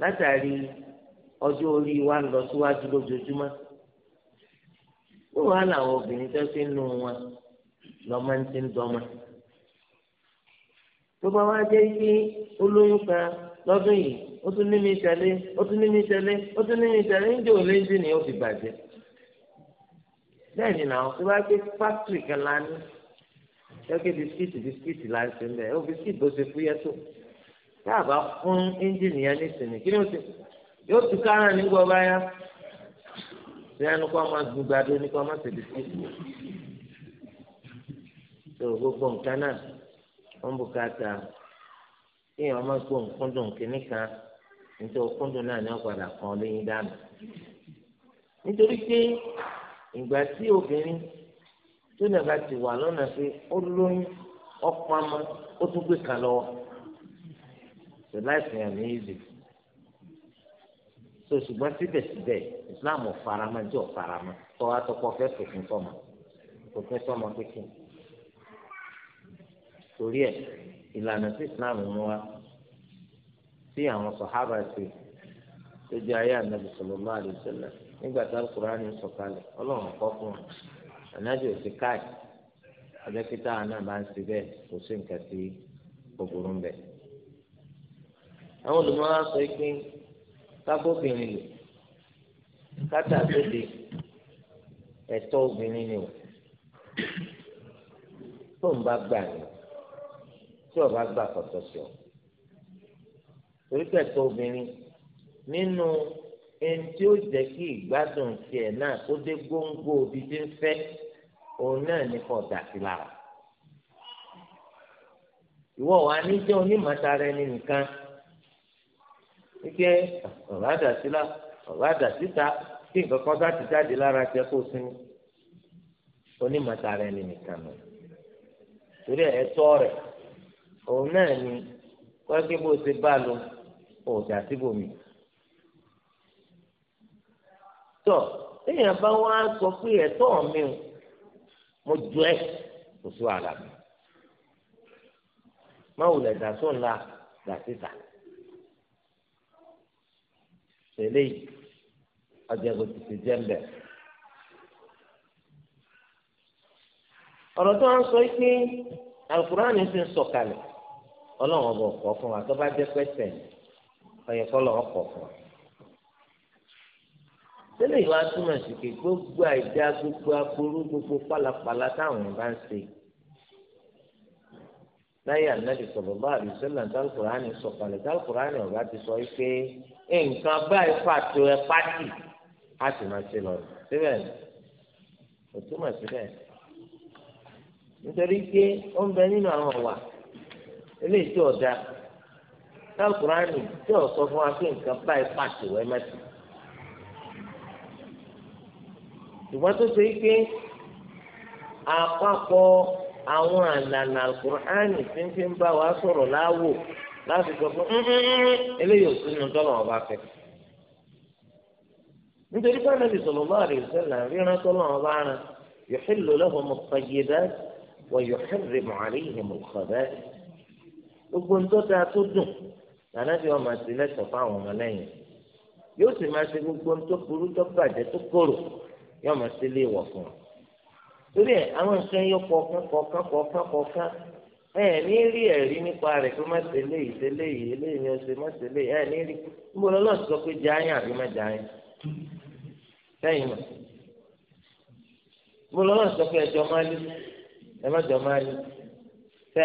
látàrí ọjọ́ orí wa lọ síwájú lójoojúmọ́ bó wàá làwọn obìnrin tó ṣe ń nu wọn ń ti ń dọ́mọ tó bá wá jẹ́ kí olóyún kan lọ́dún yìí ó tún ní mi tẹ̀lé ó tún ní mi tẹ̀lé ó tún ní mi tẹ̀lé ń jò léńdì ni ó fi bàjẹ́ bẹ́ẹ̀ ni náà tó bá gbé fáktìrì kan la ní bisikíìtì bisikíìtì la ń bẹ̀ ó bisikíìtì bó ṣe fúyẹ́ tó tá a bá fún ẹ́ńjìnì yẹn nísìnyí kí ni ó ti yóò tún kára nígbà ọba yá sẹ́yìn kó ọmọ gbùgbàdo ní kó ọmọ ṣe bisikíìtì tó gbogbo nǹkan náà. wọn bùkátà kí èèyàn má gbó nkúndùn kínní kan nítorí okúndùn náà ni wọn padà lẹ́yìn dànù nítorí pé ìgbà tí obìnrin tó nàbà ti wà lọ́nà pé ó lóyún ọ̀pọ̀ àmọ́ ó tún gbé kan lọ́wọ́ the life yẹn ní easy so ṣùgbọ́n síbẹ̀síbẹ̀ Islam ò faramọ́ jẹ́ ò faramọ́ tọ́wọ́ àtọ́kọ́ fẹ́ fòfin sọ́mọ fòfin sọ́mọ pínpín torí ẹ̀ ìlànà tí islam mú wa tí àwọn sọ̀hábà ṣe tó jẹ́ ayé ànábì sallallahu alaihi wasallam nígbà tá alukur'ani ń sọ̀kalẹ̀ ọlọ́run kọ́ fún wọn ànábì ò ti káì abẹ́kítà náà bá ń ṣe bẹ́ẹ̀ kò sí nǹkan tí ògùrùn bẹ̀. àwọn olùmọ̀ wa sọ pé kábóbìnrin lò kátà sóde ẹ̀tọ́ obìnrin ni ò tó ń bá gbà yín tí ọba gbà kọ̀tọ̀ sí ọ. torí pẹ̀tọ́ obìnrin nínú ẹni tí ó jẹ́ kí ìgbádùn tiẹ̀ náà kó dé góńgó ibi tí ń fẹ́ òun náà ní kò dà sí lára. ìwọ wa ní jẹ́ onímọ̀tara ẹni nìkan wíkẹ́ ọ̀rá dà sí la ọ̀rá dà síta nǹkan kan bá ti jáde lára tiẹ̀ kó sinmi onímọ̀tara ẹni nìkan nù. torí ẹ̀tọ́ rẹ̀ òun náà ni wáyé bó ṣe bá lọ ọ̀dà síbòmí. tọ téèyàn bá wá sọ pé ẹ̀tọ́ mi ò mo jọ ẹ kò sí wàhálà mi má wulẹ̀ dà sóun la dà síta tẹ́lẹ̀ yìí ọjà kò tètè jẹ ń bẹ. ọ̀rọ̀ tó ń sọ pé alukur'an ti ń sọ̀kalẹ̀ ọlọ́run ọba ọ̀kọ́ fún wa tó bá jẹ́ pẹ́sẹ̀ ọ̀yẹ̀ kọ́lọ̀ ọkọ̀ fún wa. tẹ́lẹ̀ ìwà túmọ̀ sí pé gbogbo àìdá gbogbo aburú gbogbo pálapàla táwọn bá ń ṣe láyé ànábì sọ̀rọ̀ bá àbísẹ́lẹ̀ dálùkùránì sọ̀kalẹ̀ dálùkùránì ọ̀gá ti sọ pé nǹkan báyìí pàtó ẹ pátì á sì máa ṣe lọ síbẹ̀ kò túmọ̀ síbẹ̀ nítorí pé ó ń bẹ nínú àwọn ọ̀wà eléyìí tí ọ̀dà sálùkùránì tí ò sọ fún wa pé nǹkan báyìí pàṣẹ wẹ́ mẹ́tì. ṣùgbọ́n tó ṣe pé àpapọ̀ àwọn àlànà àlùkùránì tí ń fi ń bá wa sọ̀rọ̀ láwò láti sọ fún mm, mm, mm, eléyìí ò sínú tọ́lọ̀ ọba fẹ́. nítorí pé Ànábì sallallahu alaihi wasallam ríran tọ́lọ̀ ọba rán yuhillu lahum at-tayyibat wa yuharrimu alaihim al-khaba'ith. gbogbo ń tọ́ta tó dùn lànàbí wọn máa ti lẹ́sọ̀ fáwọn ọmọ lẹ́yìn yóò sì máa ṣe gbogbo ń tó burú tó bàjẹ́ tó kòrò yóò máa ṣe lé ìwọ̀ fún un. torí ẹ àwọn nǹkan ẹ ní rí ẹ̀rí nípa rẹ̀ pé má ṣe ṣe ni ó ṣe ẹ ní rí níbo sọ pé àbí má sẹ́yìn mọ̀ níbo sọ pé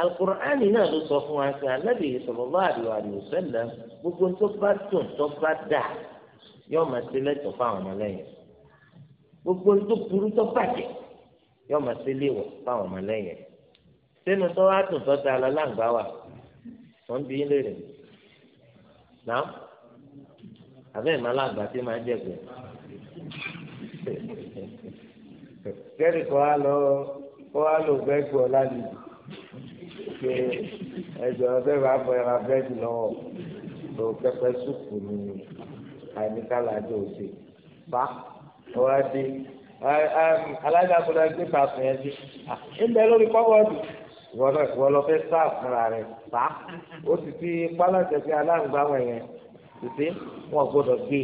alukur'ani náà ló sọ fún wa pé anábì sallallahu alaihi wasallam gbogbo tó bá tún tó bá dà yóò máa ṣe lẹ́tọ̀ fáwọn ọmọlẹ́yìn gbogbo tó burú tó bàjẹ́ yóò máa ṣe léwọ̀ fáwọn ọmọlẹ́yìn sínú tó wá tún tó da lọ láǹgbá wa wọ́n bí léèrè náà àbẹ́ẹ̀ máa láǹgbá tí máa jẹ̀gbẹ́ <laughs> kẹ́rì kọ́ á lọ kọ́ á lọ gbẹ́gbọ́ lálejò pé ẹjọ́ ọ̀sẹ̀ bá fọ ẹran bẹ́ẹ̀dì lọ́wọ́ tó pẹpẹ súpù ní àìníkàlà àjọ òsè bá ọwọ́ adé alájà kúndà gbé pàṣẹ yẹn dé ńbẹ lórí kọ́bọ̀dù wọ́n lọ fẹ́ sáà fúnra rẹ̀ bá ó sì fi pálọ̀tẹ̀ sí aláǹgbá wọ̀nyẹn tètè wọn gbọ́dọ̀ gbé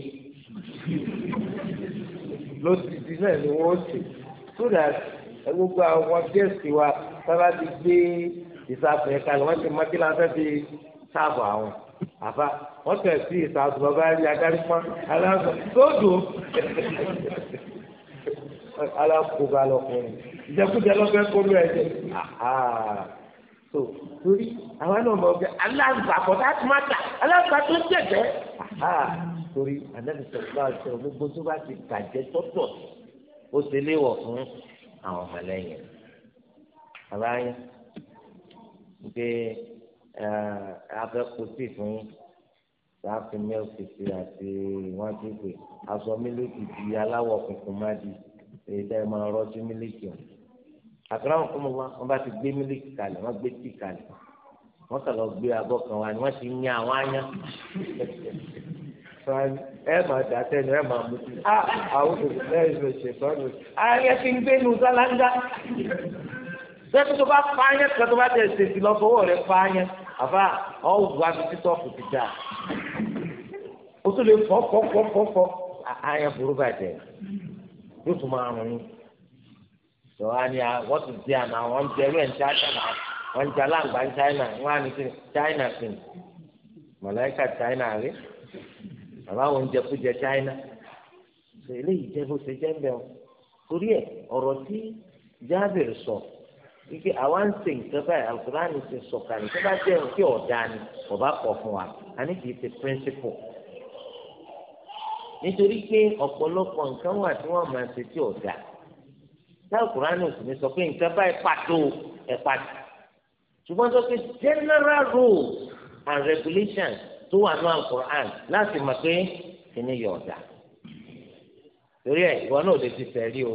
lóṣìṣì náà ni wọ́n ó sè so that gbogbo àwọn gẹ́sì wa sábà ti gbé ìsáàbù yẹn kalẹ̀ wọ́n ti mọ kí lásán fi sáàbù àwọn àfa wọ́n tẹ̀ sí ìsáàbù bàbá rí adarí pọ́n aláǹsọ sódò alákòóbá lọkùnrin ìjẹkújẹ lọ́fẹ́ kólú ẹ̀ jẹ́ so torí àwọn náà mọ̀ ọ́gbẹ́ aláǹgbà kọ́tà tó má ta aláǹgbà tó jẹ̀jẹ̀ torí anabi sọ̀rọ̀ àti ọ̀rọ̀ gbogbo tó bá ti bàjẹ́ tọ́tọ̀ ó ṣe léwọ̀ fún àwọn ọmọlẹ́yìn àbáyé pé afẹ́kùtì fún yín láti mẹ́ọ̀kìtì àti ìwádìí pé aṣọ mílíkì di aláwọ̀ funfun má di èyí tẹ́ ẹ máa rọ́jú mílíkì ọ̀hún. àkàrà wọn fún wa wọn bá ti gbé mílíkì kalẹ̀ wọn gbé tíì kalẹ̀ wọn kàn lọ gbé abọ́ kan wá ni wọ́n ti ń yan àwọn aáyán <laughs> sani ẹ máa dà sẹ́nu ẹ máa mú sí. Ah, àwọn òṣèlú ẹ̀ ṣe sọ́nù. ayẹyẹ ti ń gbénu sálángá sẹ́kù tó bá fáyẹ́ kan tó bá tẹ̀ ṣèṣì lọ fọwọ́ rẹ̀ fáyẹ́ àbá ọ̀hún wá sí títọ́ọ̀fù ti dà ó tún lè fọ́ fọ́ fọ́ fọ́ fọ́ àyẹ̀ burú bàjẹ́ yóò tún máa rún ní. sọ wá ní àwọn di àná àwọn ń jẹ ẹgbẹ́ ní China wọn ń jẹ aláǹgbá ní China wọn á ní sí China sí ni mọ̀láìkà China rí bàbá wọn jẹ kó jẹ China sọ eléyìí jẹ bó ṣe jẹ́ ń bẹ̀ ọ́ torí ẹ̀ ọ̀rọ̀ tí Jábìrì sọ wípé àwa ń ṣe nǹkan báyìí alukurani ti sọ̀kalẹ̀ tó bá jẹ́ kí ọ̀dà ni ọba kọ̀ fún wa àní kì í ṣe principle. nítorí pé ọ̀pọ̀lọpọ̀ nǹkan wà tí wọ́n máa ṣe tí ọ̀dà tí alukurani sì ní sọ pé nǹkan báyìí pàtó ẹ̀ pàtó. ṣùgbọ́n sọ pé general rules and regulations tó wà ní alukurani láti mọ̀ pé kí ni yọ̀ ọ̀dà. torí ẹ̀ ìwọ náà ò lè ti tẹ̀lé o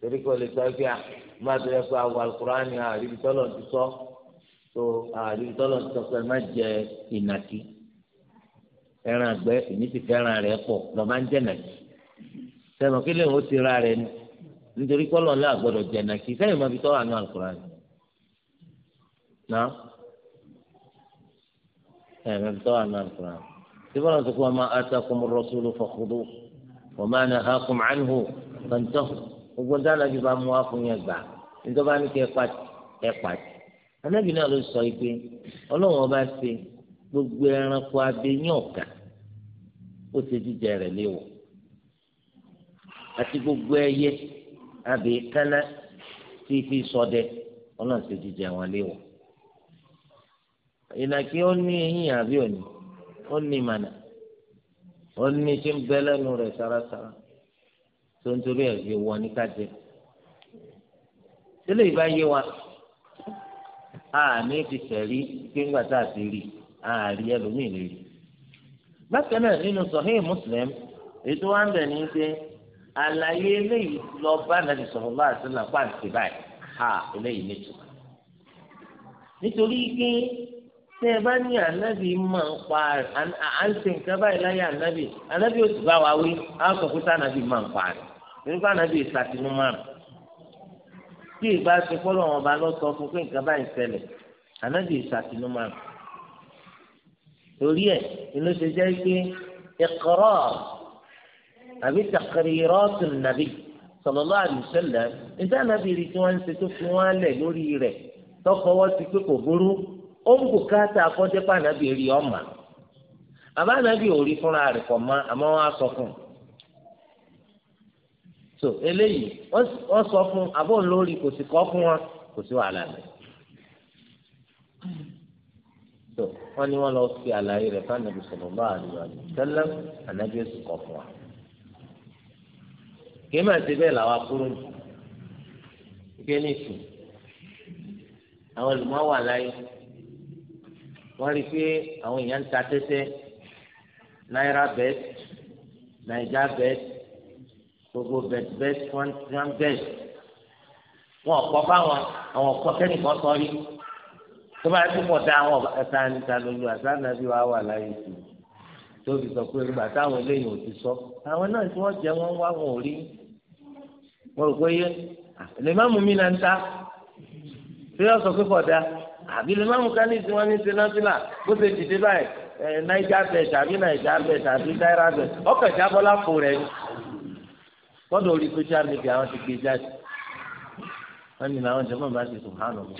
torí kí lè sọ pé má tó yẹ kó àwọn alukurani àríbi tọ́lọ̀ ti sọ tó àríbi tọ́lọ̀ ti sọ pé má jẹ ìnàkí ẹran àgbẹ̀ èmi ti fẹ́ràn rẹ̀ pọ̀ lọ́ba ń jẹ nàkí sẹ́nu kí lèun ó ti ra rẹ̀ ni nítorí kọ́lọ̀ ńlá àgbọ̀dọ̀ jẹ nàkí sẹ́yìn má fi tọ́wọ́ àánú alukurani náà sẹ́yìn má fi tọ́wọ́ àánú alukurani tí bọ́lá sọ fún wa máa atakum ar-rasulu fakhudhuhu wa ma gbogbo nítorí anábì bá mú wá fún yẹn gbà nítorí bá ní kí ẹ pàtì ẹ pàtì anábì náà ló sọ pé ọlọ́run ọba ṣe gbogbo ẹranko abẹ́yìn ọ̀gá ó ṣe jíjẹ rẹ̀ léwọ̀ àti gbogbo ẹyẹ abẹ́ kánná tí fi ṣọdẹ ọlọ́run ṣe jíjẹ wọn léwọ̀ ìnàkí ó ní eyín àbí òní ó ní mànà ó ní ṣe ń bẹ lẹ́nu rẹ̀ sárasára tó ń torí ẹ̀ fi wọ ní kájẹ. tẹ́lẹ̀ ìbá yé wa àmì ti sẹ̀rí gbéńgbà tá a ti rí àárí ẹlòmíì lè rí. bákan náà nínú Sahih Muslim ètò wa ń bẹ̀ ní pé àlàyé eléyìí lọ bá nàbì sọ̀rọ̀ bá àti nà pàǹtí báyìí ha eléyìí nítorí. nítorí pé tẹ ẹ bá ní ànábì máa ń pa à ń ṣe nǹkan láyé ànábì ànábì ó sì bá wa wí á sọ ànábì máa ń pa rẹ̀ nígbà náà bí ìsàtìmú márùn tí ìgbà ṣe fọlọ́ wọn bá lọ sọ fún pé nǹkan báyìí ṣẹlẹ̀ ànábì ìsàtìmú márùn torí ẹ̀ inú ṣe jẹ́ pé ìkọ́rọ̀ àbí tàkìrìrọ́ tún nàbí sallallahu alaihi wasallam níta nàbí rí tí wọ́n ń ṣe tó fi wọ́n lẹ̀ lórí rẹ̀ tọkọwọ́ ti pé kò burú ó ń bùkátà akọ́jẹ́pà nàbí rí ọ̀mà àbá nàbí so eléyìí wọ́n sọ fún abọ́ lórí kò sì kọ́ fún wọn kò sí wàhálà rẹ̀ so wọ́n ní wọ́n lọ fi àlàyé rẹ̀ fún anabi sallallahu alaihi wa sallam anabi sì kọ́ fún wa kì í máa ṣe bẹ́ẹ̀ làwọn akúrò ike ní ìsìn àwọn olùmọ̀ wà láyé wọ́n rí i pé àwọn èèyàn ń ta tẹ́tẹ́ náírà bẹ́ẹ̀ nàìjà bẹ́ẹ̀ gbogbo best best one one best wọn kọ fáwọn àwọn ọkọ kẹ́nìkan sọrí tó bá yẹ kó dá àwọn ẹ̀ka níta lólu àṣà nàbí wàá wà láyé sí i tóbi sọ pé nígbà táwọn eléyìí ò ti sọ àwọn náà tí wọ́n jẹ wọ́n wá wọn ò rí mo rò pé yé lè má mú mi náà ń ta tí wọ́n sọ pé kọ̀dá àbí lè má mú kání tí wọ́n ní ṣe náà sílà bó ṣe dìde báyìí náíjà bẹ̀ tàbí náíjà bẹ̀ tàbí náírà bẹ̀ ọkọ̀ ìjábọ̀ lápò rẹ̀ ni kọ́dọ̀ orí social media àwọn ti gbé jáde wọ́n ní àwọn jẹ́mọ̀ bá ti sùn hánà mọ́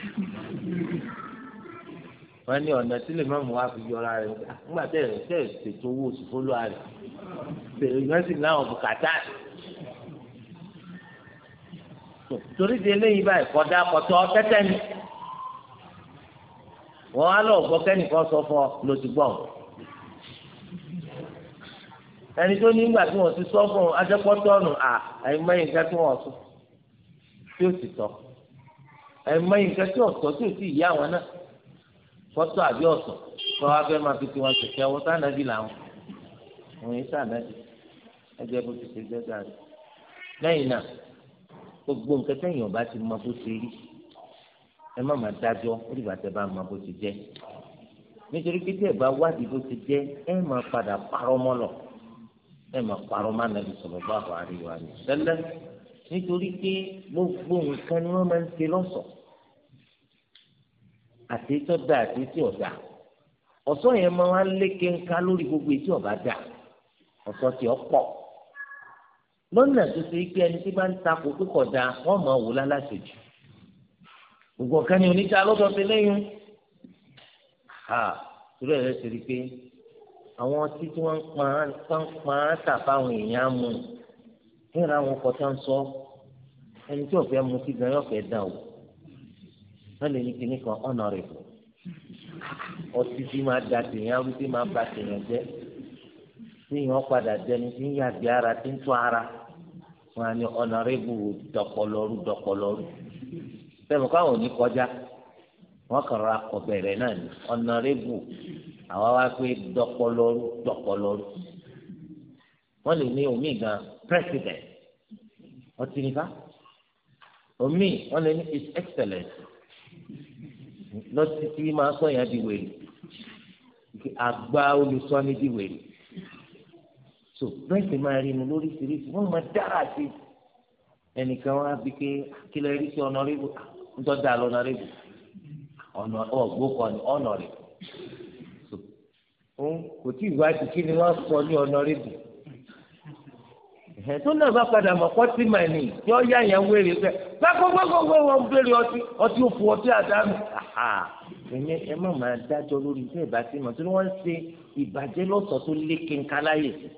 wọ́n ní ọ̀nà tí lè má mú wá fi yọra rẹ̀ ah, nígbà tẹ̀ ẹ̀ tẹ̀ ṣètò owó oṣù fólú àrẹ̀ bẹ̀rẹ̀ yẹn sì láwọn bùkátà torí di eléyìí báyìí kọ́dá kọ́tọ́ tẹ́tẹ́ ni wọ́n á lọ gbọ́ kẹ́nìkan sọ fún ọ ló ti gbọ́ ọ ẹni tó nígbà tí wọ́n ti sọ fún un ajẹ́pọ́tọ́ọ̀nù à àìmọye nǹkan tí wọ́n sọ tí ó sì tọ́ àìmọye nǹkan tí ọ̀sọ́ tí ò sì yá àwọn náà fọ́tọ̀ àbí ọ̀sọ̀ tó wá fẹ́ máa fi tiwọn ṣẹ̀ṣẹ̀ ọwọ́ sànàbí làwọn òun yìí sànàbí ẹgbẹ́ bó ti ṣe jẹ́ sànàbí lẹ́yìn náà gbogbo nǹkan tẹ̀yìn ọba ti mọ bó ti rí ẹ má má dájọ́ ó dìgbà tẹ́ bá mọ bó ti jẹ́ nítorí pé tí ẹ bá wádìí bó ti jẹ́ ẹ má padà parọ́ mọ́ lọ ẹ máa parọ́ má nàbì sallallahu alaihi wa sallam nítorí pé gbogbo nǹkan ni wọ́n máa ń ṣe lọ́sọ̀ àti tó dáa àti tí ò dáa ọ̀sọ́ yẹn máa wá léke ńká lórí gbogbo ètí ọ̀bá dáa ọ̀sọ́ tí ó pọ̀ lọ́nà tó ṣe pé ẹni tí bá ń takò kíkọ̀ dáa wọ́n máa wò lálásè jù gbogbo ọ̀kan ni oníta lọ́dọ̀ ṣe lẹ́yìn ha torí ẹ̀rẹ́ ṣe rí i pé àwọn ọtí tí wọ́n ń pa á tà fáwọn èèyàn mu nígbà àwọn ọkọ̀ tó ń sọ ẹni tí òfin mu sí gan yóò fẹ́ dàn o wọ́n lè ní kinní kan honorable ọtí tí máa da tèèyàn arú tí máa ba tèèyàn jẹ́ tíyàn padà dẹni tí ń yàgbé ara tí ń tó ara wọn á ní honorable dọ̀pọ̀lọ́rù dọ̀pọ̀lọ́rù sẹ́mi káwọn ò ní kọjá wọ́n kàn ra ọ̀bẹ̀rẹ̀ náà ní honorable àwa wá pé dọpọlọrú dọpọlọrú wọn lè ní omi gan president wọn ti ní ká omi wọn lè ní his excellence lọtí tí máa sọ yẹn di wèrè àgbà olùsọ́ni di wèrè so bẹ́ẹ̀ sì máa rí inú lóríṣiríṣi wọ́n máa dára sí i ẹnìkan wá bí pé kílẹ̀ rí sí ọ̀nà rẹ̀ ah, ń tọ́ da lọ́nà rẹ̀ ọ̀nà ọ̀gbọ́kọ̀ ọ̀nà rẹ̀ òun kò tí ì wádìí kí ni wọ́n sọ ní ọ̀nàrẹ́bù tó náà bá padà mọ̀ kọ́tí mẹ́ni yọ ya yẹn wéèrè pẹ́ gbàgbọ́gbọ́gbọ́ wọn béèrè ọtí ọtí òfu ọtí àdánù ẹ̀yẹ ẹ má máa dájọ́ lórí iṣẹ́ ìbátí mọ̀ tí wọ́n ń ṣe ìbàjẹ́ lọ́sọ̀ọ́ tó lé kínkálá yè sí.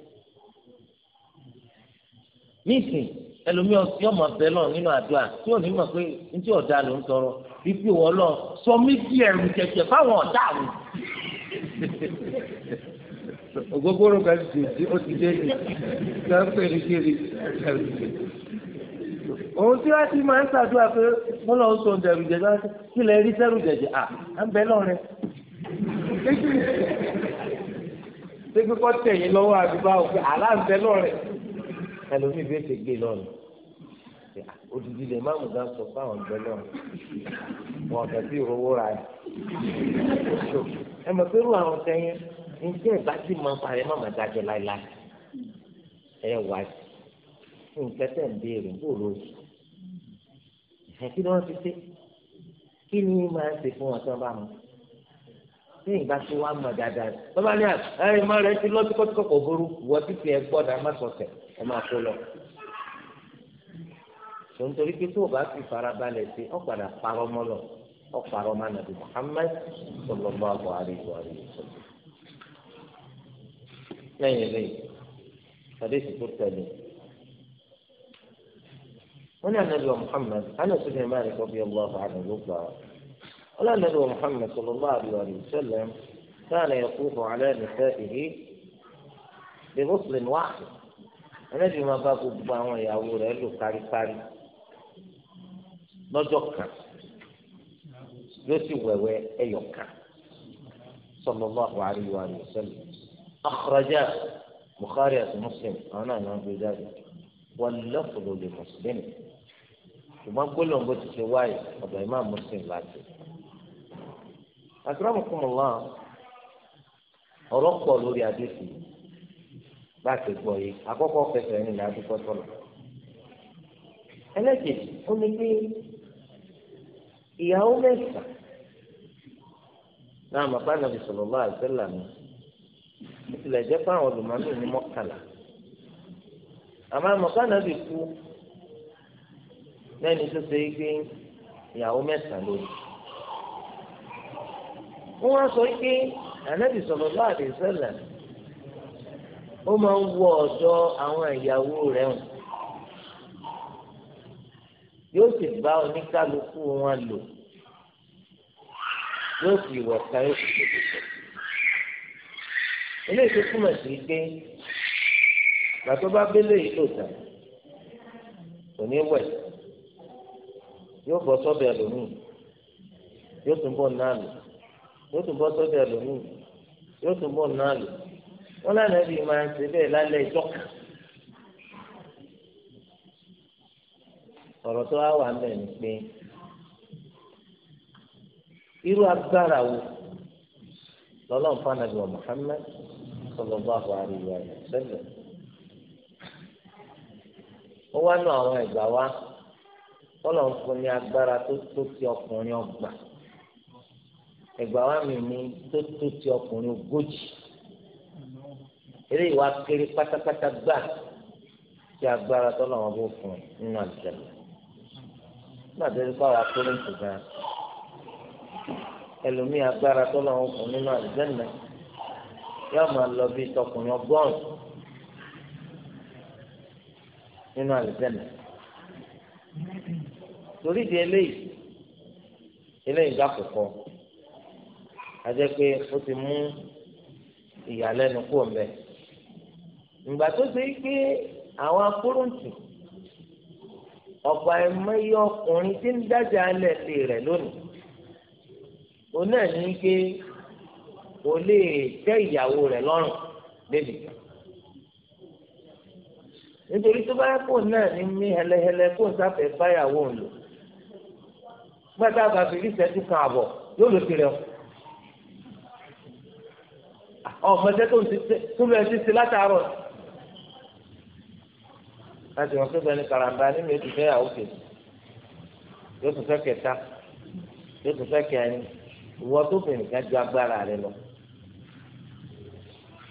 nísìn ẹlòmíràn tí ọmọ bẹ lọ nínú àdúrà tí ò ní mọ̀ pé ní tí ọ̀dà ló ń tọrọ bí pé lọ sọ mí bí ẹ̀rù jẹ̀jẹ̀ fáwọn ògógóró kan ti di ó ti dé ní sáfẹ́rì kiri òun tí wàá ti máa ń ṣàdúrà pé wọ́n lọ sọ dẹrù jẹjẹ kí lè rí sẹ́rù jẹjẹ à à ń bẹ lọ́rẹ́ ṣé kíkọ́ tẹ̀yìn lọ́wọ́ àdúgbò àwọn àlá ń bẹ lọ́rẹ́ ẹlòmíì bí ó gbé lọ́rẹ́ ṣe ah, odidi lè má mú gan sọ fáwọn ọgbẹ náà wọn kàn sí ìrówó ra ẹ ẹ mọ̀ pé irú àwọn sẹ́yìn ǹjẹ́ ìbá tí máa ń parẹ́ má máa dájọ́ láéláé ẹ wá sí nǹkan tẹ̀ ń béèrè bó ló sùn ẹ̀ kí ni wọ́n ti ṣe kí ni máa ń ṣe fún wọn tí wọ́n bá mú ṣé ìgbà tí wọ́n á mọ̀ dáadáa bàbá ní àná ẹ̀ máa rẹ̀ ti lọ́tíkọ́tíkọ́ kò burú wọ́n ti fi gbọ́dọ̀ ẹ má sọ̀tẹ̀ ẹ má kó lọ tó ń torí pé tó o bá fi farabalẹ̀ sí ọ padà parọ́ mọ́ lọ ọ parọ́ mọ́ nàbí Muhammad sallallahu alaihi wa sallam. lẹ́yìn eléyìí àdéhùn tó tẹ̀lé wọ́n ní anabi wa Muhammad Anas bin Malik radiyallahu anhu ló gbà wọ́n anabi wa Muhammad sallallahu alaihi wa sallam كان يطوف على نسائه بغسل واحد anabi máa bá gbogbo àwọn ìyàwó rẹ̀ lò káríkárí lọ́jọ́ kan yóò sì wẹ̀wẹ̀ ẹyọ kan sallallahu alaihi wa sallam akhraja bukhari àti muslim àwọn náà ni wọ́n gbé jáde wọ́n lọ́kùnrin olè muslim ṣùgbọ́n gbólóhùn bó ti ṣe wáyé ọ̀dọ̀ imam muslim láti. akramakumullah ọ̀rọ̀ pọ̀ lórí adéfì bá ti gbọ́ yìí àkọ́kọ́ fẹsẹ̀ ní ìlà àdúgbò tọ́lọ̀ ẹlẹ́kẹ̀ẹ́ ó ní pé ìyàwó mẹ́fà náà màbá nàbì sallallahu alaihi wasallam mi ìtìlẹ̀ jẹ́ pé àwọn olùmọ̀mí ni mọ́kànlá àmọ́ màbá nàbì kú lẹ́ni tó ṣe é gbé ìyàwó mẹ́ta lónìí. wọ́n wá sọ pé ànábì sallallahu alaihi wasallam ó máa ń wọ ọ̀dọ̀ àwọn ìyàwó rẹ̀ hàn yóò sì bá oníkálukú wọn lò yóò sì wọ̀ ká yóò sì tètè sọ. eléyìí tó túmọ̀ sí pé gbàtọ́ bá bélé yìí lò tán kò ní wẹ̀ yóò bọ́ sọ́bẹ̀ lónìí yóò tún bọ̀ náà lò yóò tún bọ́ sọ́bẹ̀ lónìí yóò tún bọ̀ náà lò wọ́n lánàá bí máa ń ṣe bẹ́ẹ̀ lálẹ́ ìjọ ọ̀rọ̀ tó wá wà ńlẹ̀ ni pé irú agbára wo lọ́lọ́run fún anabi wa Muhammad sallallahu alaihi wa sallam ó wá nù àwọn ẹ̀gbà wa lọ́lọ́run fún ní agbára tó tó ti ọkùnrin ọgbà ẹ̀gbà wa mi ní tó tó ti ọkùnrin ogójì eré ìwà kéré pátápátá gbà tí agbára tọ́lọ́run bó fún un nínú àjẹmọ́ gbàdé nípa wà kúrẹ́ǹtì gan ẹlòmíì agbára tó lọ́wọ́ kùn nínú àdìsẹ́nà yóò máa lọ bí tọkùnrin ọgọ́rùn nínú àdìsẹ́nà torí di eléyìí eléyìí gbà kọ̀kọ́ àjẹ́ pé ó ti mú ìyàlẹ́nu kú ọ̀nbẹ ìgbà tó ṣe é pé àwọn akúròǹtì ọ̀pọ̀ ẹ̀mọ́yé ọkùnrin tí ń dájà alẹ́ sí rẹ̀ lónìí òun náà ní pé kò lè tẹ́ ìyàwó rẹ̀ lọ́rùn débi kan nítorí tó bá kó náà ní mí hẹlẹhẹlẹ kó n sáfẹ́ báyàwó ń lò gbàtà bàbí ìṣẹ́jú kan àbọ̀ yóò lò tirẹ̀ o ọmọdé tó ń ti túlọ̀ ẹ ti ti látàárọ̀ láti wọn pé bẹni karamba ní mi ti fẹ́ yàwó kejì yóò tún fẹ́ kẹta yóò tún fẹ́ kẹrin ìwọ tó bẹ̀rẹ̀ ká ju agbára rẹ lọ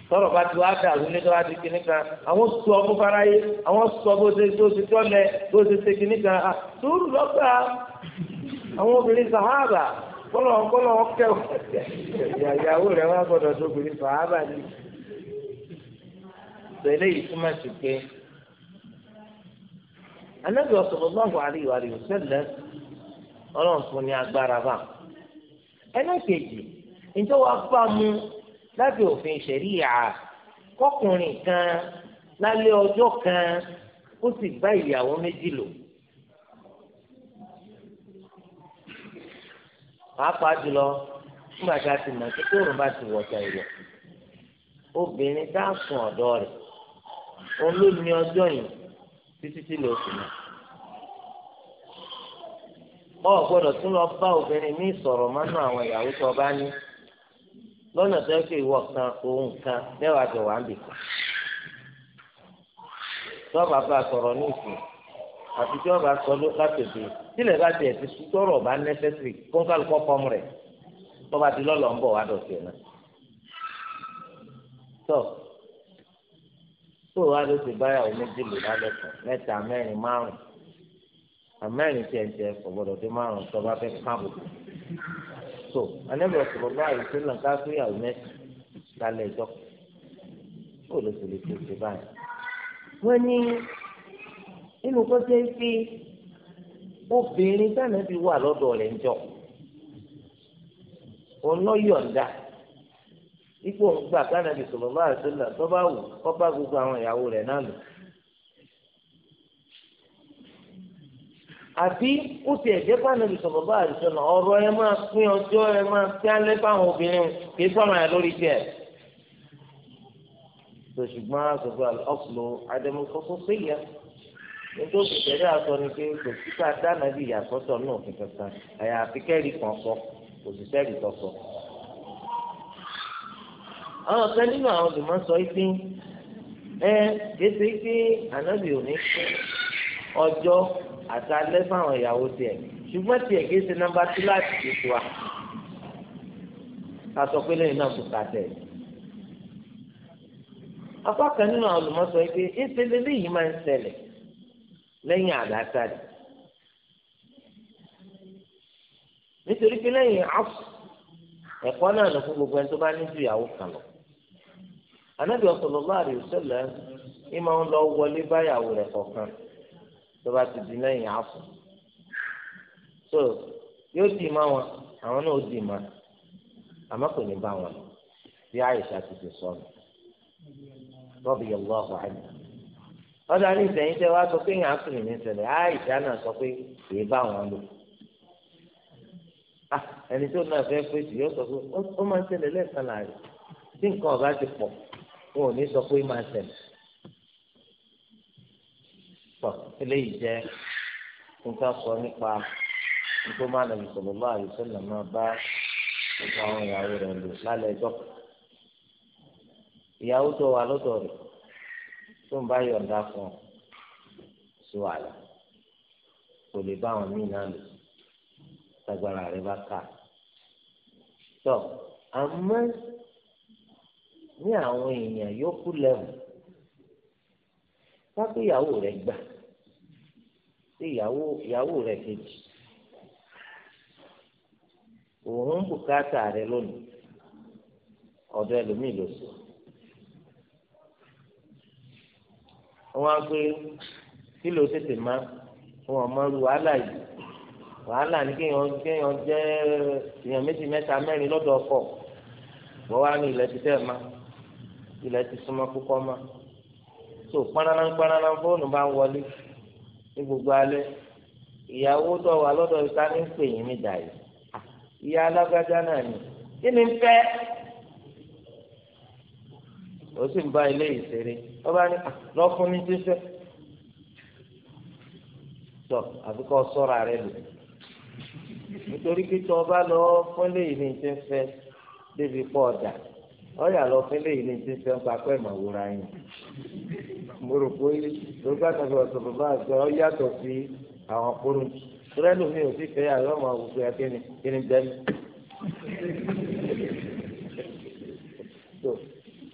tọrọ bá ti wá dà lónìí tó wá di kíní kan àwọn sọ ọmọ faraye àwọn sọ bó ṣe tó ṣe tọ́lẹ̀ bó ṣe ṣe kíní kan sùúrù lọ́gbà àwọn obìnrin sàhábà kọlọ kọlọ kẹwọ ìyàwó rẹ wá gbọ́dọ̀ tó sàhábà ni tẹ́lẹ̀ yìí túmọ̀ sí pé anabi sallallahu alaihi wa sallam Ọlọ́run fún ní agbára bá ẹlẹ́kejì ǹjẹ́ wàá bá mu lábẹ́ òfin ṣẹ̀ríyà kọkùnrin kan lálẹ́ ọjọ́ kan ó sì bá ìyàwó méjì lò. pàápàá jùlọ nígbà tá a ti mọ̀ pé tóorùn bá ti wọ̀ta ìwọ̀ obìnrin tá sùn ọ̀dọ́ rẹ̀ òun ló yìí títí tí lè oṣù náà. ọ gbọ́dọ̀ tún lọ bá obìnrin míì sọ̀rọ̀ mọ́nú àwọn ìyàwó tó bá ní lọ́nà tó yẹ kó ìwọ kan òun kan mẹ́wàá jọ wà ń bì kan. tó bàbá sọ̀rọ̀ ní ìsìn àti tí wọ́n bá sọ látòdì tílẹ̀ bá tiẹ̀ ti tọrọ bá nẹ́sẹ̀sìrì kó kálukọ́ fọ́ọ̀mù rẹ̀ tó bá ti lọ́lọ́ ń bọ̀ wá dọ̀tí ẹ̀ náà tó wá ló ti báyàwó méjì lò lálẹ́ kan mẹ́ta mẹ́rin márùn àmẹ́rin tiẹ̀tiẹ̀ kò gbọdọ̀ dé márùn tó bá fẹ́ káàbò tó anábìyà sọ̀rọ̀ bá àyè sílẹ̀ ká fúyàwó mẹ́ta lálẹ́ ìjọ tó ló ti lè fi ṣe báyìí. wọ́n ní nínú kó ṣe ń fi obìnrin sáà náà ti wà lọ́dọ̀ rẹ̀ ń jọ òun yọ̀ǹda ipò ògbà kánàbì sọlọ́lá àṣìlá tó bá wù kó bá gbogbo àwọn ìyàwó rẹ̀ náà lò. àbí ó ti ẹ̀jẹ̀ kánàbì sọlọ́lá àṣìlá ọ̀rọ̀ ẹ máa pín ọjọ́ ẹ máa pín alẹ́ fáwọn obìnrin kì í sọ̀rọ̀ ẹ̀ lórí tiẹ̀. ṣùgbọ́n àṣọ̀gbọ́ ọ̀pọ̀lọ́ àdẹ́mú kọ́kọ́ pé yẹ nítorí òṣèré àtọ ni pé kò sí ká dáná bí ìyàsọ́tọ̀ náà kẹ̀kẹ́ àwọn kan nínú àwọn olùmọ̀ sọ pé ẹ kéṣe pé ànábì ò ní kú ọjọ́ àtàlẹ́ fáwọn ìyàwó tiẹ̀ ṣùgbọ́n tiẹ̀ kéṣe nọ́mbà tí láti ṣètò wa ká sọ pé lẹ́yìn náà kò kà tẹ̀. apá kan nínú àwọn olùmọ̀ sọ pé ètò eléyìí máa ń ṣẹlẹ̀ lẹ́yìn àlàáfíà nítorí pé lẹ́yìn àfọ̀ ẹ̀kọ́ náà ló fún gbogbo ẹni tó bá ní ju ìyàwó kan lọ anabi sallallahu alaihi wasallam ní máa ń lọ wọlé báyàwó rẹ̀ kọ̀ọ̀kan tó bá ti di lẹ́yìn àfọ so yóò dì má wọn àwọn náà ó dì má àmọ́ kò ní bá wọn bí àyíṣà ti ti sọnù radiyallahu anha ọ̀dà ní ìsẹ̀yìn tẹ́ wá sọ pé yàn á sùn ní ìṣẹ̀lẹ̀ àìsí àná sọ pé èyí bá wọn lò ah, ẹni tó náà fẹ́ fèsì yóò sọ pé ó máa ń ṣẹlẹ̀ lẹ́ẹ̀kan láàrin tí nǹkan ọ̀gá ti pọ̀ wọn ò ní sọ pé máa ṣẹlẹ̀ tọ eléyìí jẹ nǹkan sọ nípa nítorí máa nàbì sọlọ bá àlùsọlọ máa bá nípa àwọn ìyàwó rẹ̀ lò lálẹ́ ẹjọ́ ìyàwó tó wà lọ́dọ̀ rẹ̀ tó ń bá yọ̀ǹda fún sí wàhálà kò lè bá àwọn míì náà lò tagbara rẹ̀ bá kà tọ àmọ́. ní àwọn èèyàn yòókù lẹ́wọ̀n sápé ìyàwó rẹ̀ gbà sí ìyàwó ìyàwó rẹ̀ kejì òun bùkátà rẹ̀ lónìí ọ̀dọ̀ ẹlòmíì ló sọ wọn pé kí ló tètè má wọn mọ ru wàhálà yìí wàhálà ní kéèyàn kéèyàn jẹ èèyàn méjì mẹ́ta mẹ́rin lọ́dọ̀ ọkọ wọn wá ní ilẹ̀ ti súnmọ́ púpọ̀ mọ́ tó pọnrán pọnrán fóònù bá ń wọlé ní gbogbo alẹ́ ìyàwó tó wà lọ́dọ̀ ìta ní pè yín ní dàrí ah, ìyá alágbájá náà ni kí ni ń fẹ́ ó sì ń bá ilé ìṣeré ó bá ní ah, lọ́fún ní jíṣẹ́ tọ àbí kọ́ sọ́ra rẹ lò nítorí pé tí wọ́n bá lọ fún lẹ́yìn ní ti fẹ́ débi pọ̀ ọ̀dà ọyà lọ fún eléyìí ní ti sẹ́ ń papẹ́ ìmọ̀wòrán yìí mo rò pé lórúkọ àti ọ̀sọ̀rọ̀ bá àgbẹ̀ ọ yàtọ̀ sí àwọn kúrúǹtì tùrẹ́lù mi ò sì fẹ́ àlọ́ ọmọ òkú ẹ kíni kíni bẹ́ẹ̀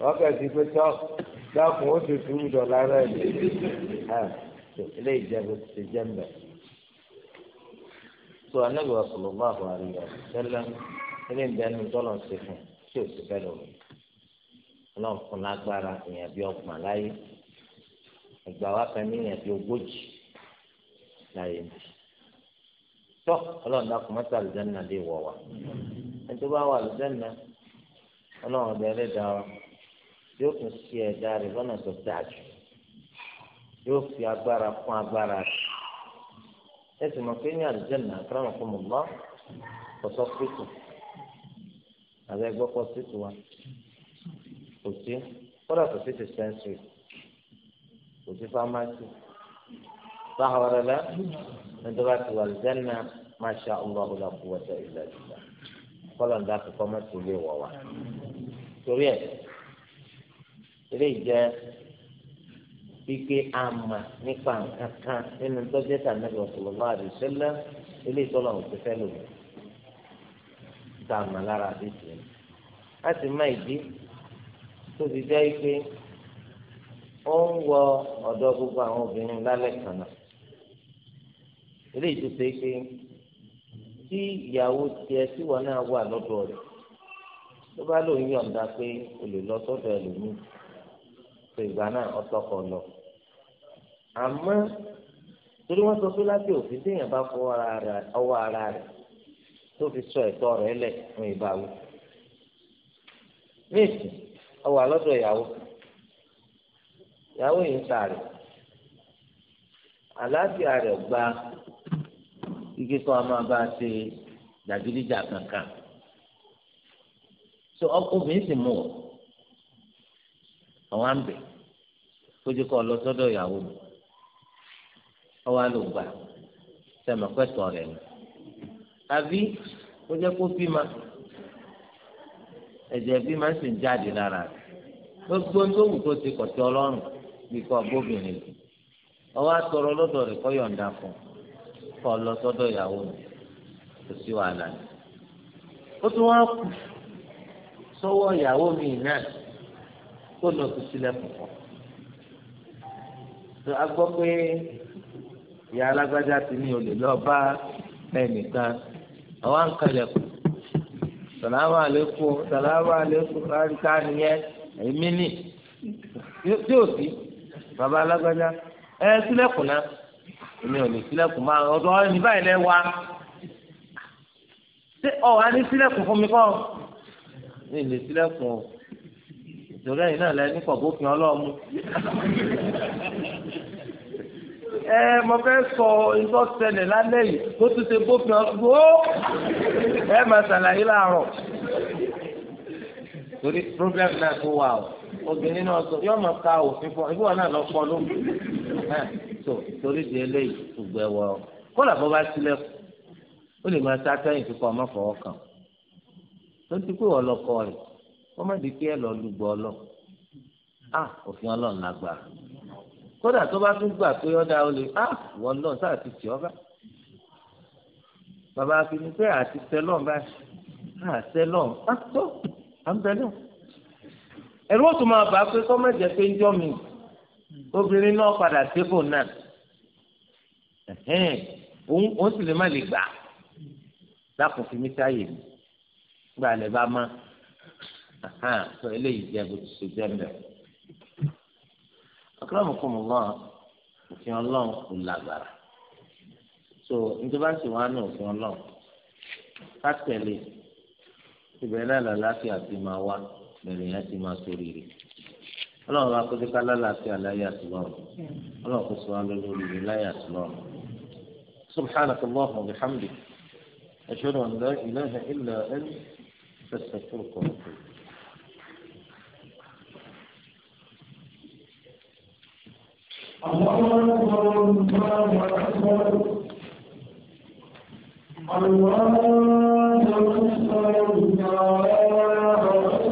ọkọ̀ ti pé tọ́ dákun ó ti túrú dọ̀là rẹ̀ eléyìí jẹ́ bó ti jẹ́ ń bẹ̀. tó anábìwọ̀sọ̀lọ́ bá àwọn tẹ́lẹ̀ eléyìí bẹ́ẹ̀ ni tọ́lọ̀ ṣe fún tí ò sì bẹ́ẹ̀ lọ́wọ́ ọlọ́run fún lágbára èèyàn bíi ọgbọ̀n láyé ẹgbàá wa kan ní èèyàn bíi ogójì láyé ń bì tọ́ ọlọ́run dákun mọ́tò àlùjáná lè wọ̀ wá ẹni tó bá wà àlùjáná ọlọ́run ọ̀dọ̀ ẹlẹ́dàá wa yóò tún ṣe ẹ̀dá rẹ̀ lọ́nà tó dáa yóò fi agbára kún agbára rẹ̀ ẹ mọ̀ pé ní àlùjáná àkàràmọ̀ fún mọ̀ lọ́ kọ̀sọ́ pẹ̀tù àbẹ́gbọ́kọ̀ kò sí kódà kò sí dispensary kò sí pharmacy báwo wà lọ́la nítorí àti wàlùjẹ́nà masha allah la quwwata illa billah kọ́lọ̀ ń dá kí kọ́mọ́tì lè wọ̀ wá torí ẹ̀ eléyìí jẹ́ pípé àmà nípa nǹkan kan nínú dọ́jẹ́tà nàbì sallallahu alaihi wasallam eléyìí tọ́lọ̀ ò ti fẹ́ lò ní. Ìta àmà lára àdéhùn. A sì má ìdí tó fi jẹ́ pé ó ń wọ ọ̀dọ̀ gbogbo àwọn obìnrin lálẹ́ kan náà eléyìí tó ṣe pé tí ìyàwó tiẹ̀ tí wọn náà wà lọ́dọ̀ rẹ̀ tó bá lòun yọ̀ǹda pé o lè lọ sọ́dọ̀ ẹlòmíì tó ìgbà náà ọtọkọ lọ àmọ́ torí wọ́n sọ pé láti òfin téèyàn bá fọ ọwọ́ ara rẹ̀ tó fi sọ ẹ̀tọ́ rẹ̀ lẹ̀ fún ìbáwí. ọwọ́ àlọ́dọ̀ ìyàwó ìyàwó yìí ń sàrẹ̀ àlàáfíà gba igi kan máa bá a ṣe dàgídíjà kankan so ọkùnrin sì mú ọ àwọn kójú kọ lọ sọ́dọ̀ ìyàwó mi ọwọ́ àlùgbà sẹmọ pẹtọ ni àbí ó kó bímọ ẹ̀jẹ̀ bímọ sì ń jáde lára gbogbo tó wù kó ti kọ̀tí ọlọ́run bí kò bóbìnrin lò ọwọ́ àtọ̀rọ̀ lọ́dọ̀ rẹ̀ kọ́ yọ̀ǹda fún kọ́ lọ sọ́dọ̀ ìyàwó mi kò sí wàhálà ni. ó tún wá kù sọ́wọ́ ìyàwó mi náà kó lọ sí sílẹ̀kùn kọ́. a gbọ́ pé ìyá alágbájá ti ní olè lọ bá ẹnìkan àwọn àǹkàlẹ̀kùn sàlámà àlékún sàlámà àlékún láríkà nìyẹn èmi nì tí ò sí bàbá alágbájá ẹ sílẹ̀kùn náà èmi ò lè sílẹ̀kùn máa ọ̀dọ̀ ẹni báyìí lẹ wá ṣé ọ wá ní sílẹ̀kùn fún mi kọ́ mi lè sílẹ̀kùn o ìṣòro ẹ̀yìn náà lẹ ní kọ̀ọ̀bófin ọlọ́ọ̀mú ẹ mo fẹ́ sọ ìtọ́ ṣẹlẹ̀ lálẹ́ yìí tó tún ṣe bófin ọ̀gbọ́n ẹ máa ṣàlàyé láàárọ̀ torí problem náà tó wà o obìnrin náà sọ yóò máa ka òfin fún ọ ìbúwọ náà lọ pọ ló so torí di eléyìí gbogbo ẹwọ kọlà bó bá sílẹ̀ ó lè máa sátẹyìn tó kọ ọmọ fọwọ́ kàn tó ti pé ọlọkọ rẹ wọn má di pé ẹ lọ lùgbọ ọlọ à òfin Ọlọ́run lágbára kódà tó bá tún gbà pé ọdà olè à wọn lọ sáà ti tì ọ bá bàbá afinifẹ àti tẹlọ báyìí àtẹlọ àtọ à ń bẹ náà ẹ̀rú òtún máa bàá pé kọ́ mẹ́jẹ pé ń jọ́ mi obìnrin náà padà débò náà òun sì lè má lè gbà dákun fi mí sáyè mi gbà lè bá má sọ eléyìí jẹ bó ti ṣe jẹ mbẹ. akọ́lọ́mù kò mú lọ́n òfin ọlọ́run kò lágbára so nítorí bá sì wá ní òfin ọlọ́run ká tẹ̀lé. ibẹ̀ náà làlàáfíà ti máa wá bẹ̀rẹ̀ yẹn ti máa sórí rẹ̀ ọlọ́run bá kó dípá lálàáfíà láyé àtúlọ́run ọlọ́run kó sọ wá lórí rẹ̀ láyé àtúlọ́run سبحانك اللهم وبحمدك أشهد أن لا إله إلا أنت أستغفرك وأتوب إليك الله أكبر الله أكبر الله تنصر الله